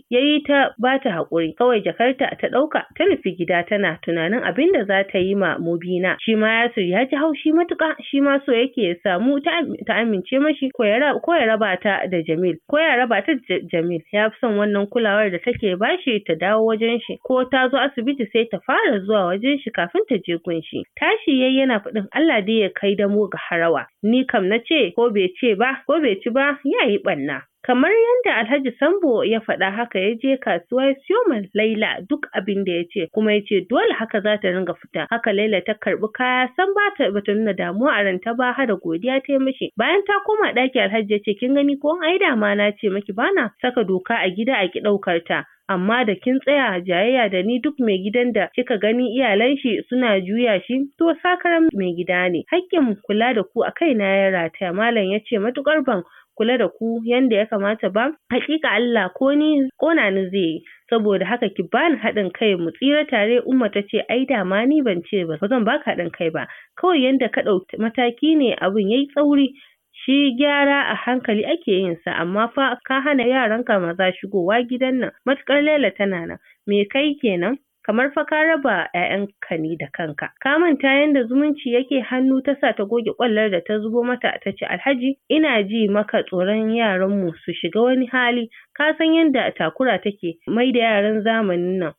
ya yi ta ba ta haƙuri kawai jakarta ta ɗauka ta nufi gida tana tunanin abin da za ta yi ma Mubina shi ma Yasir ya ji haushi matuƙa shi ma so yake ya samu ta amince mashi ko ya raba ta da Jamil ko ya raba ta da Jamil ya fi son wannan kulawar da take shi ta dawo wajen shi ko ta zo asibiti sai ta fara zuwa wajen shi kafin ta je gunshi tashi yayi yana faɗin Allah dai ya kai damo ga harawa ni kam na ce ko bai ce ba ko bai ci ba ya yi ɓanna kamar yadda Alhaji Sambo ya faɗa haka ya je kasuwa ya siyo ma Laila duk abin da ya ce kuma ya ce dole haka za ta ringa fita haka Laila ta karɓi kaya san ba ta bata nuna damuwa a ranta ba har da godiya ta yi mishi bayan ta koma ɗaki Alhaji ya ce kin gani ko in ai dama na ce maki bana saka doka a gida a ki ɗaukar ta amma da kin tsaya jayayya da ni duk mai gidan da kika gani iyalan shi suna juya shi to sakaran mai gida ne haƙƙin kula da ku a kaina ya rataya malam ce matuƙar ban kula da ku yanda ya kamata ba haƙiƙa Allah ko ni kona ni zai yi saboda haka ki bani haɗin kai mu tsira tare umma ta ce ai dama ni ban ce ba ba zan baka haɗin kai ba kawai yanda ka ɗauki mataki ne abun yayi tsauri shi gyara a hankali ake yin sa amma fa ka hana yaranka maza shigowa gidan nan matukar lela tana nan me kai kenan kamar fa ka raba ƴaƴanka ne da kanka ka manta yanda zumunci yake hannu ta sa ta goge ƙwallar da ta zubo mata ta ce alhaji ina ji maka tsoron yaranmu su shiga wani hali ka san yanda takura take mai da yaran zamanin nan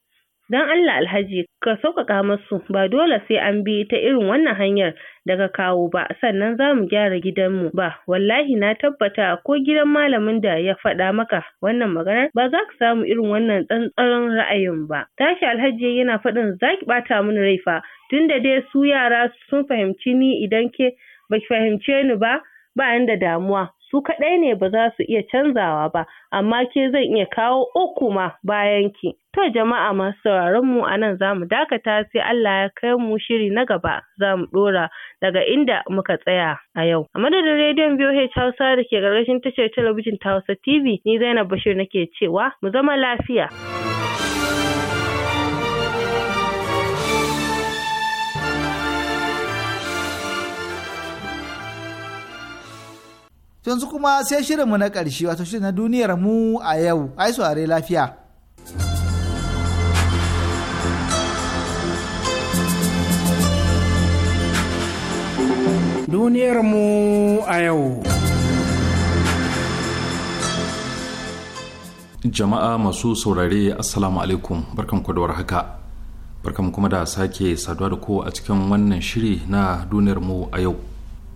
don Allah alhaji ka sauƙaƙa masu ba dole sai an bi ta irin wannan hanyar da ka kawo ba sannan za mu gyara gidanmu ba wallahi na tabbata ko gidan malamin da ya faɗa maka wannan maganar ba za ka samu irin wannan tsantsaron ra'ayin ba tashi alhaji yana faɗin za ki ɓata mini rai fa tunda dai su yara sun fahimci ni idan ke ba ki fahimce ni ba ba da damuwa su kaɗai ne ba za su iya canzawa ba amma ke zan iya kawo uku ma bayan ki to jama'a masu sauraron mu a nan zamu dakata sai Allah ya kai mu shiri na gaba zamu ɗora daga inda muka tsaya a yau a madadin rediyon BOH Hausa da ke gargashin tashar talabijin ta Hausa TV ni Zainab Bashir nake cewa mu zama lafiya. yanzu kuma sai shirinmu na ƙarshe wato shirin na duniyar mu a yau ai saurare lafiya. Duniyar mu a yau. Jama'a masu saurare Assalamu alaikum barkan da haka. Barkan kuma da sake saduwa da ko a cikin wannan shiri na duniyar mu a yau.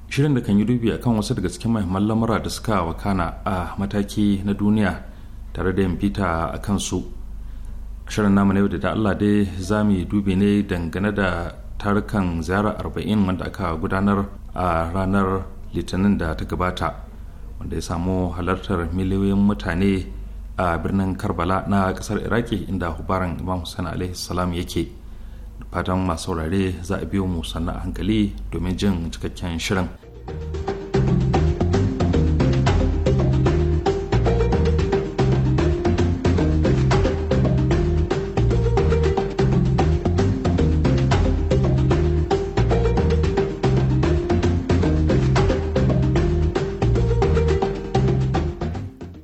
shirin da kan yi dubi akan wasu daga cikin mahimman lamura da suka wakana a mataki na duniya tare da yin bita a kansu shirin namu na yau da Allah dai za mu dubi ne dangane da tarukan ziyara arba'in wanda aka gudanar a ranar litinin da ta gabata wanda ya samu halartar miliyoyin mutane a birnin karbala na kasar iraki inda hubaran imam hussein alaihi salam yake fatan masu saurare za a biyo mu sannan a hankali domin jin cikakken shirin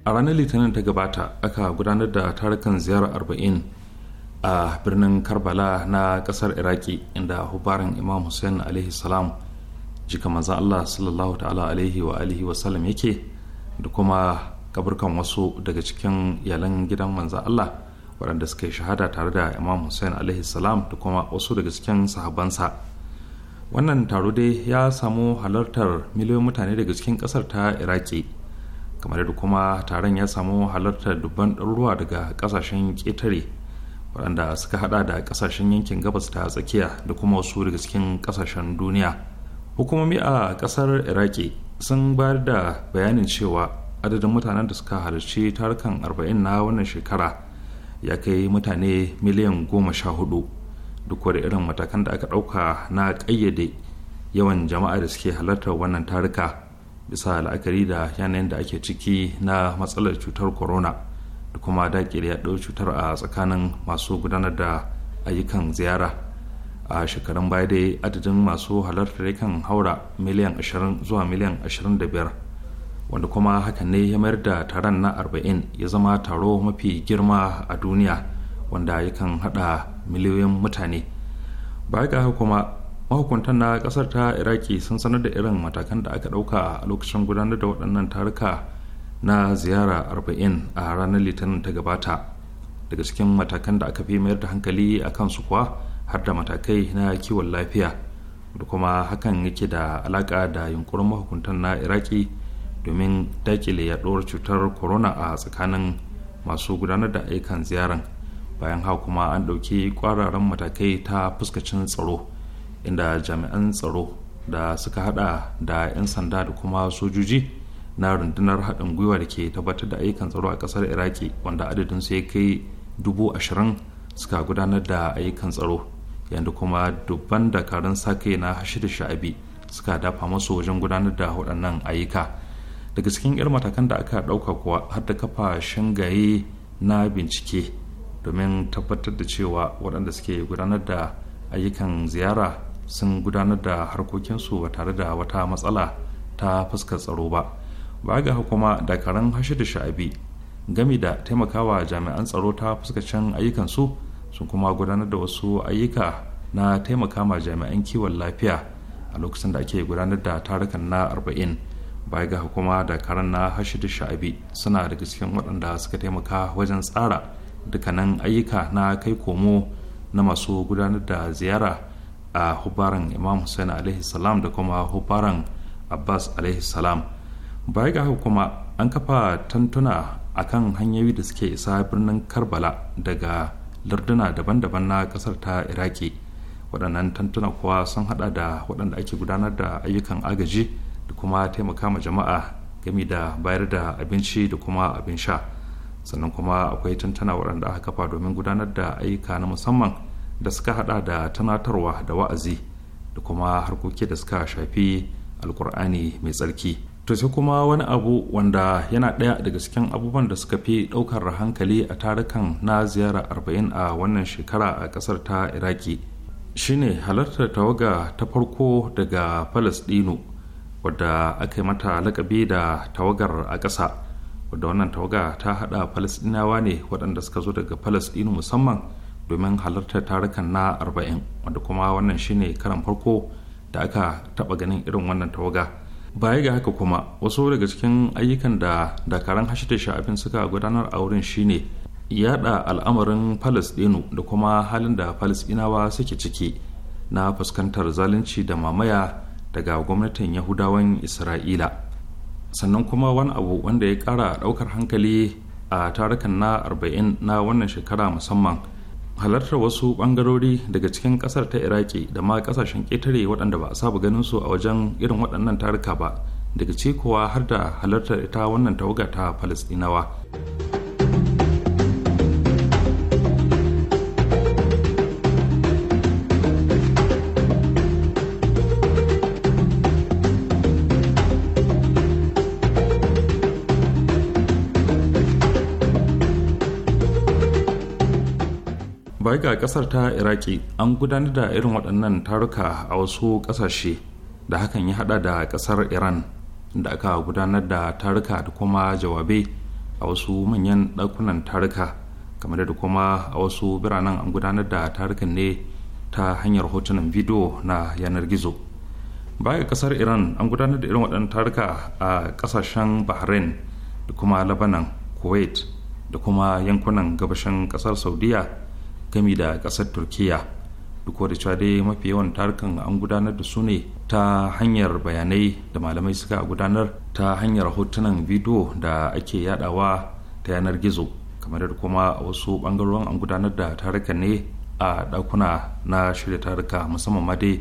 a ranar litinin ta gabata aka gudanar da tarukan ziyara arba'in. a birnin karbala na kasar iraki inda hubarin imam hussein alaihi salam jika manzan allah sallallahu ta'ala alaihi wa alihi wa yake da kuma kaburkan wasu daga cikin iyalan gidan manzan allah waɗanda suka yi shahada tare da imam hussein alaihi salam da kuma wasu daga cikin sahabansa wannan taro dai ya samu halartar miliyoyin mutane daga cikin kasar ta iraki kamar da kuma taron ya samu halartar dubban ɗaruruwa daga ƙasashen ƙetare waɗanda suka hada da ƙasashen yankin gabas ta tsakiya da kuma wasu daga cikin kasashen duniya hukumomi a ƙasar iraki sun bayar da bayanin cewa adadin mutanen da suka halarci tarukan 40 na wannan shekara ya kai mutane miliyan goma sha hudu duk da irin matakan da aka ɗauka na ƙayyade yawan jama'a da suke halartar wannan taruka bisa la'akari da yanayin da ake ciki na matsalar cutar corona. da kuma daƙile ɗau cutar a tsakanin masu gudanar da ayyukan ziyara a shekarun baya dai adadin masu halartar yakan haura miliyan 20 zuwa miliyan 25 wanda kuma hakan ne ya mayar da taron na 40 ya zama taro mafi girma a duniya wanda yakan hada miliyoyin mutane baya ga kuma mahukuntan na kasar ta iraki sun sanar da irin matakan da aka dauka a lokacin gudanar da waɗannan taruka na ziyara 40 a ranar litinin ta gabata daga cikin matakan da aka fi mayar da hankali a kansu kuwa har da matakai na kiwon lafiya da kuma hakan yake da alaka da yunkurin mahukuntan na iraki domin dakile yaduwar cutar corona a tsakanin masu gudanar da ayyukan ziyaran bayan haka kuma an ɗauki kwararren matakai ta fuskacin tsaro inda jami'an tsaro da suka hada da 'yan sanda da kuma sojoji na rundunar haɗin gwiwa da ke tabbatar da ayyukan tsaro a ƙasar iraki wanda adadin su ya kai dubu ashirin suka gudanar da ayyukan tsaro yadda kuma dubban dakarun kai na hashir sha'abi suka dafa masu wajen gudanar da waɗannan ayyuka daga cikin irin matakan da aka ɗauka kuwa har da kafa shingaye na bincike domin tabbatar da cewa waɗanda suke gudanar da ayyukan ziyara sun gudanar da harkokinsu ba tare da wata matsala ta fuskar tsaro ba ba ga da dakaran hashe da sha'abi gami da taimakawa jami'an tsaro ta fuskacin ayyukansu sun kuma gudanar da wasu ayyuka na taimaka ma jami'an kiwon lafiya a lokacin da ake gudanar da tarukan na arba'in baya ga kuma dakaran na da sha'abi suna daga cikin waɗanda suka taimaka wajen tsara dukkanin ayyuka na kai komo na masu gudanar da ziyara a hubaran imam hussein alaihi salam da kuma hubaran abbas alaihi salam baya ga haka kuma an kafa tantuna a kan hanyoyi da suke isa birnin karbala daga larduna daban-daban na kasar ta iraki waɗannan tantuna kuwa sun hada da waɗanda ake gudanar da ayyukan agaji da kuma taimaka ma jama'a gami da bayar da abinci da kuma abin sha sannan kuma akwai tantuna waɗanda aka kafa domin gudanar da ayyuka na musamman da suka hada da tunatarwa da wa'azi da kuma harkoki da suka shafi alkur'ani mai tsarki to sai kuma wani abu wanda yana ɗaya daga cikin abubuwan da suka fi ɗaukar hankali a tarukan na ziyara 40 a wannan shekara a ƙasar ta iraki shine halartar tawaga ta farko daga palestino wadda aka yi mata lakabi da tawagar a ƙasa wadda wannan tawaga ta haɗa palestinawa ne waɗanda suka zo daga palestino musamman domin halartar tarukan na 40 wadda kuma wannan shine karan farko da aka taɓa ganin irin wannan tawaga. baya ga haka kuma wasu daga cikin ayyukan da dakaran hashtag sha'afin suka gudanar a wurin shine yada al'amarin palestinu da kuma halin da palestinawa suke ciki na fuskantar zalunci da mamaya daga gwamnatin yahudawan isra'ila sannan kuma wani abu wanda ya kara daukar hankali a tarukan na 40 na wannan shekara musamman halartar wasu bangarori daga cikin kasar ta iraki da ma kasashen ketare waɗanda ba a saba ganin su a wajen irin waɗannan taruka ba daga cikowa har da halartar ita wannan tawaga ta palestinawa. baya ga kasar ta iraki an gudanar da irin waɗannan taruka a wasu ƙasashe da hakan ya haɗa da ƙasar iran da aka gudanar da taruka da kuma jawabe a wasu manyan ɗakunan taruka kamar da kuma a wasu biranen an gudanar da tarukan ne ta hanyar hotunan bidiyo na yanar gizo baya kasar iran an gudanar da irin waɗannan taruka a ƙasashen bahrain da kuma labanan kuwait da kuma yankunan gabashin ƙasar saudiya gami da ƙasar turkiya duk da cewa dai mafi yawan tarukan an gudanar da su ne ta hanyar bayanai da malamai suka gudanar ta hanyar hotunan bidiyo da ake yadawa ta yanar gizo kamar da kuma wasu bangarorin an gudanar da tarukan ne a dakuna na shirya taruka musamman ma dai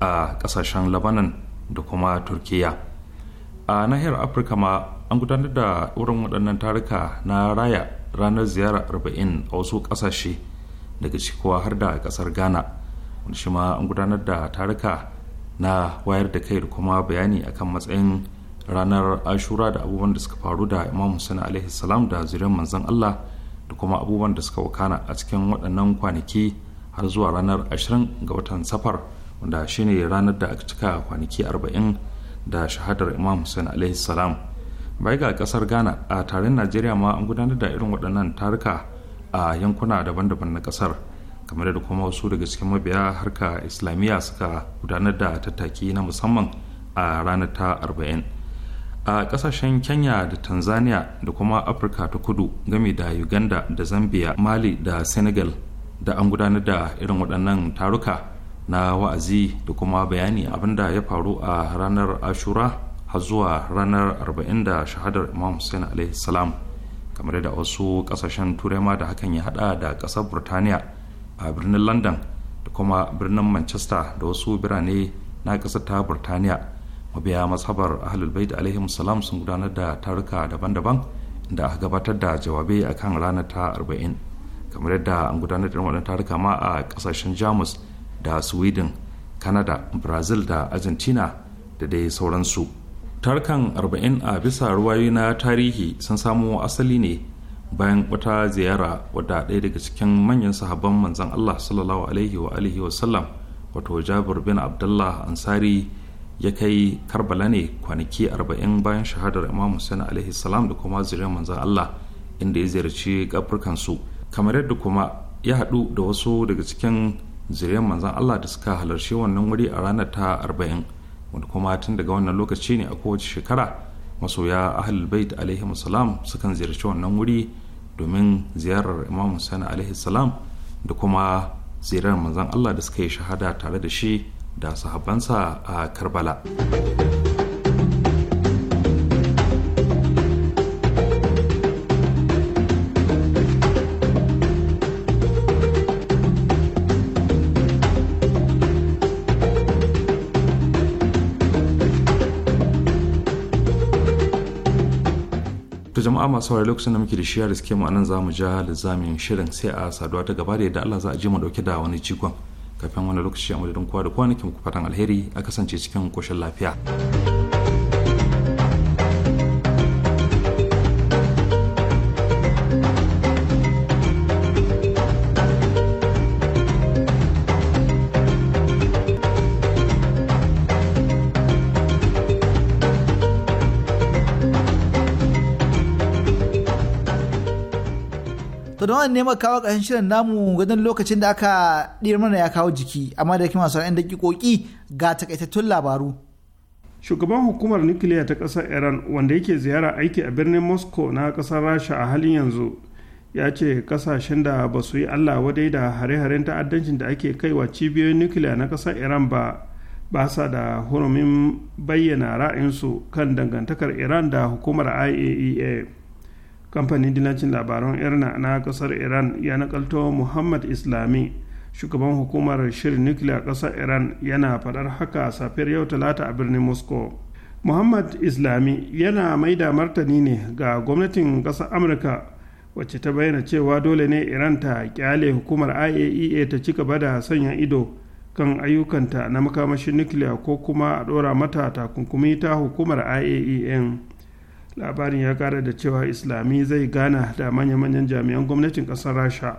a kasashen labanan da kuma turkiya a nahiyar afirka ma an gudanar da wurin waɗannan taruka na raya ranar ziyara 40 a wasu ƙasashe daga cikowa har da kasar ghana wani shi ma an gudanar da taruka na wayar da kai da kuma bayani akan matsayin ranar ashura da abubuwan da suka faru da imam hussein alaihi salam da zuriyar manzon allah da kuma abubuwan da suka wakana a cikin waɗannan kwanaki har zuwa ranar ashirin ga watan safar wanda shine ranar da aka cika kwanaki arba'in da shahadar imam hussein alaihi salam bai ga kasar ghana a taron najeriya ma an gudanar da irin waɗannan taruka a yankuna daban-daban na kasar kamar da kuma wasu daga cikin mabiya harka islamiyya suka gudanar da tattaki na musamman a ranar ta arba'in, a kasashen kenya da tanzania da kuma afirka ta kudu game da uganda da zambia mali da senegal da an gudanar da irin waɗannan taruka na wa'azi da kuma bayani abinda ya faru a ranar ashura har zuwa ranar arba'in da shahadar imam hussein alaihi salam kamar da wasu kasashen turai ma da hakan ya hada da kasar burtaniya a birnin london da kuma birnin manchester da wasu birane na kasar ta burtaniya mabiya mazhabar ahlul bait alaihim salam sun gudanar da taruka daban-daban da aka gabatar da jawabai akan ranar ta arba'in kamar yadda an gudanar da wannan taruka ma a kasashen jamus da sweden canada brazil da argentina da dai sauransu tarkan 40 a bisa ruwayoyi na tarihi sun samo asali ne bayan wata ziyara wadda ɗaya daga cikin manyan sahabban manzan Allah sallallahu alaihi wa alihi wa sallam wato Jabir bin Abdullah Ansari ya kai Karbala ne kwanaki 40 bayan shahadar Imam Hussein alaihi salam da kuma zuriyar manzan Allah inda ya ziyarci gafurkan su kamar yadda kuma ya haɗu da wasu daga cikin zuriyar manzan Allah da suka halarci wannan wuri a ranar ta 40 wanda kuma tun daga wannan lokaci ne a kowace shekara masoya ahlul bait alaihi salam sukan ziyarci wannan wuri domin ziyarar imam hussein alaihi salam da kuma ziyarar manzon allah da suka yi shahada tare da shi da sahabbansa a karbala masu saurari lokacin da muke da shi da suke mu anan zamu ja lizamin shirin sai a saduwa ta gaba da yadda Allah za a ji mu dauke da wani cikon kafin wani lokaci a madadin kowa da kwanakin muku fatan alheri a kasance cikin koshin lafiya. to da ne neman kawo ƙarshen shirin namu gadon lokacin da aka ɗiyar mana ya kawo jiki amma da kima sauran dakikoki ga takaitattun labaru shugaban hukumar nukiliya ta ƙasar iran wanda yake ziyara aiki a birnin moscow na ƙasar rasha a halin yanzu ya ce kasashen da ba su yi allah wadai da hare-haren ta'addancin da ake kaiwa cibiyoyin nukiliya na ƙasar iran ba ba sa da hurumin bayyana ra'ayinsu kan dangantakar iran da hukumar iaea e kamfanin dinacin labaran irna na kasar iran ya nakalto muhammad islami shugaban hukumar shirin nukiliya kasar iran yana faɗar haka safiyar yau talata a birnin moscow muhammad islami yana mai da martani ne ga gwamnatin kasar amurka wacce ta bayyana cewa dole ne iran ta kyale hukumar iaea e ta ci gaba da sanya ido kan ayyukanta na makamashin nukiliya ko kuma a ɗora mata takunkumi ta hukumar iaea e labarin ya kara da cewa islami zai gana da manya-manyan jami'an gwamnatin kasar rasha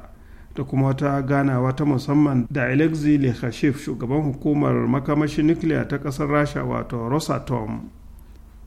da kuma wata ganawa ta musamman da alexei lekhashev shugaban hukumar makamashi nukiliya ta kasar rasha wato rosatom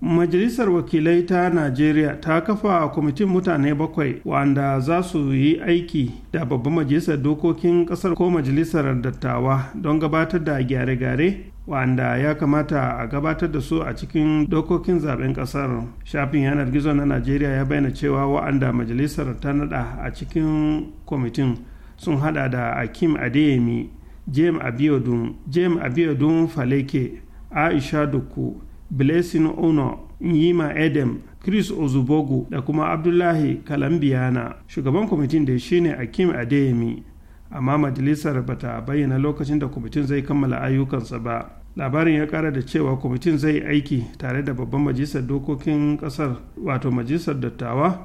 majalisar wakilai ta najeriya ta kafa kwamitin mutane bakwai wanda za su yi aiki da babban majalisar dokokin kasar ko majalisar dattawa don gabatar da gyare-gyare wanda ya kamata a gabatar da su a cikin dokokin zaben kasar shafin yanar gizo na najeriya ya bayyana cewa wa'anda majalisar ta nada a cikin kwamitin sun hada da akim adeyemi jem abiodun jem abiodun faleke aisha duku blessing ono yima edem chris ozubogu da kuma abdullahi kalambiyana shugaban kwamitin da shine akim adeyemi amma majalisar ba ta bayyana lokacin da kwamitin zai kammala ayyukansa ba labarin ya kara da cewa kwamitin zai aiki tare da babban majalisar dokokin kasar wato majalisar dattawa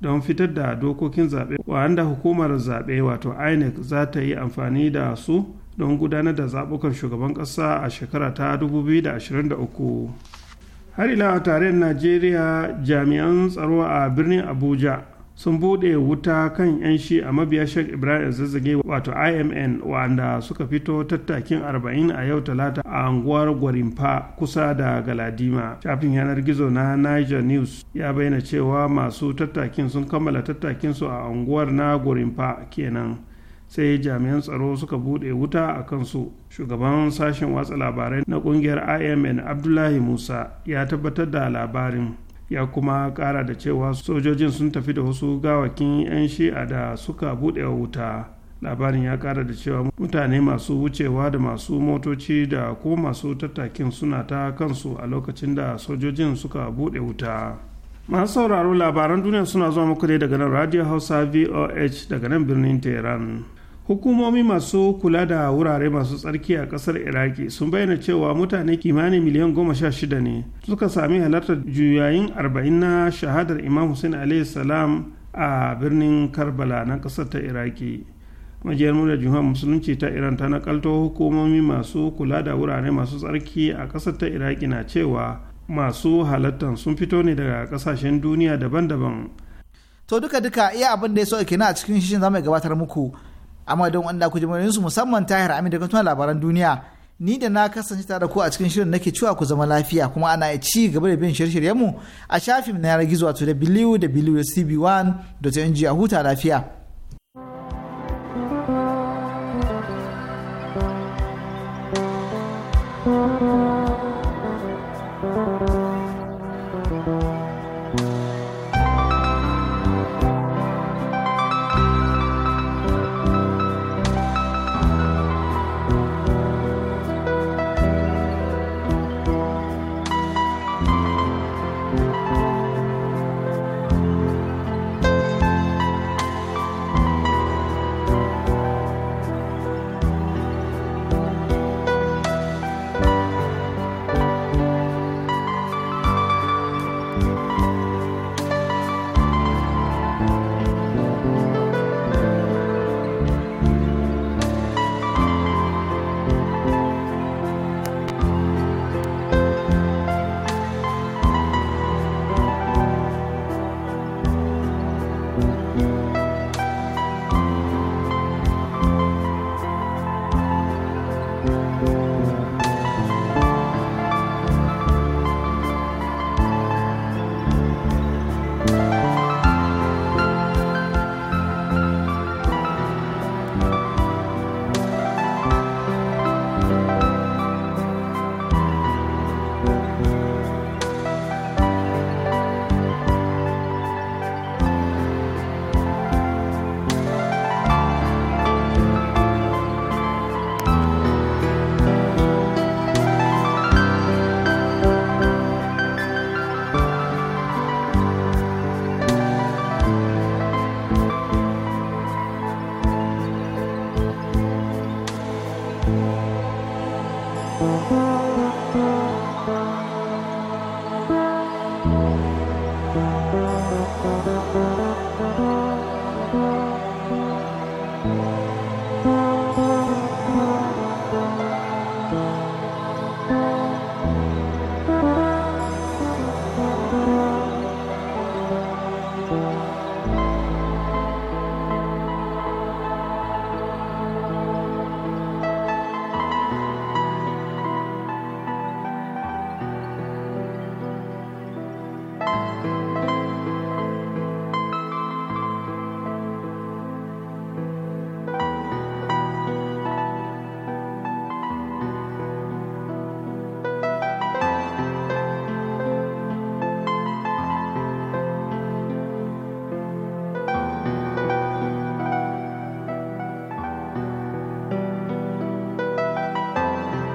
don fitar da dokokin zaɓe wanda hukumar zaɓe wato inec za ta yi amfani da su don gudanar da zaɓukan shugaban ƙasa a shekara ta 2023 har ila tarayyar najeriya jami'an tsaro a birnin abuja sun buɗe wuta kan 'yan shi a mabiya Sheikh Ibrahim zazzage wato IMN wanda suka fito tattakin 40 a yau talata a anguwar Gwarimfa kusa da Galadima. Shafin yanar gizo na Niger News ya bayyana cewa masu tattakin sun kammala tattakin su a anguwar na Gwarimfa kenan. sai jami'an tsaro suka buɗe wuta a kansu shugaban sashen watsa labarai na ƙungiyar imn abdullahi musa ya tabbatar da labarin ya kuma kara da cewa sojojin sun tafi da wasu gawakin 'yan shi'a da suka buɗe wuta labarin ya kara da cewa mutane masu wucewa da masu motoci da ko masu tattakin suna ta kansu a lokacin da sojojin suka buɗe wuta masu sauraro labaran duniya suna zuwa muku ne daga nan radio hausa voh daga nan birnin tehran hukumomi masu kula da wurare masu tsarki a kasar iraki sun bayyana cewa mutane kimanin miliyan goma sha shida ne suka sami halartar juyayin arba'in na shahadar imam hussein salam a birnin karbala na kasar ta iraki majiyar murar jihar musulunci ta iran ta nakalto hukumomi masu kula da wurare masu tsarki a kasar ta iraki na cewa masu halartar sun fito ne daga kasashen duniya daban-daban to duka-duka iya abin da ya so kenan a cikin shishin zamu gabatar muku amma don wanda ku jama'a su musamman tahir amin da kuma labaran duniya ni da na kasance tare da ku a cikin shirin nake cewa ku zama lafiya kuma ana ci gaba da bin shirye-shiryenmu a shafin na yanar gizo wato ta 1ng a huta lafiya.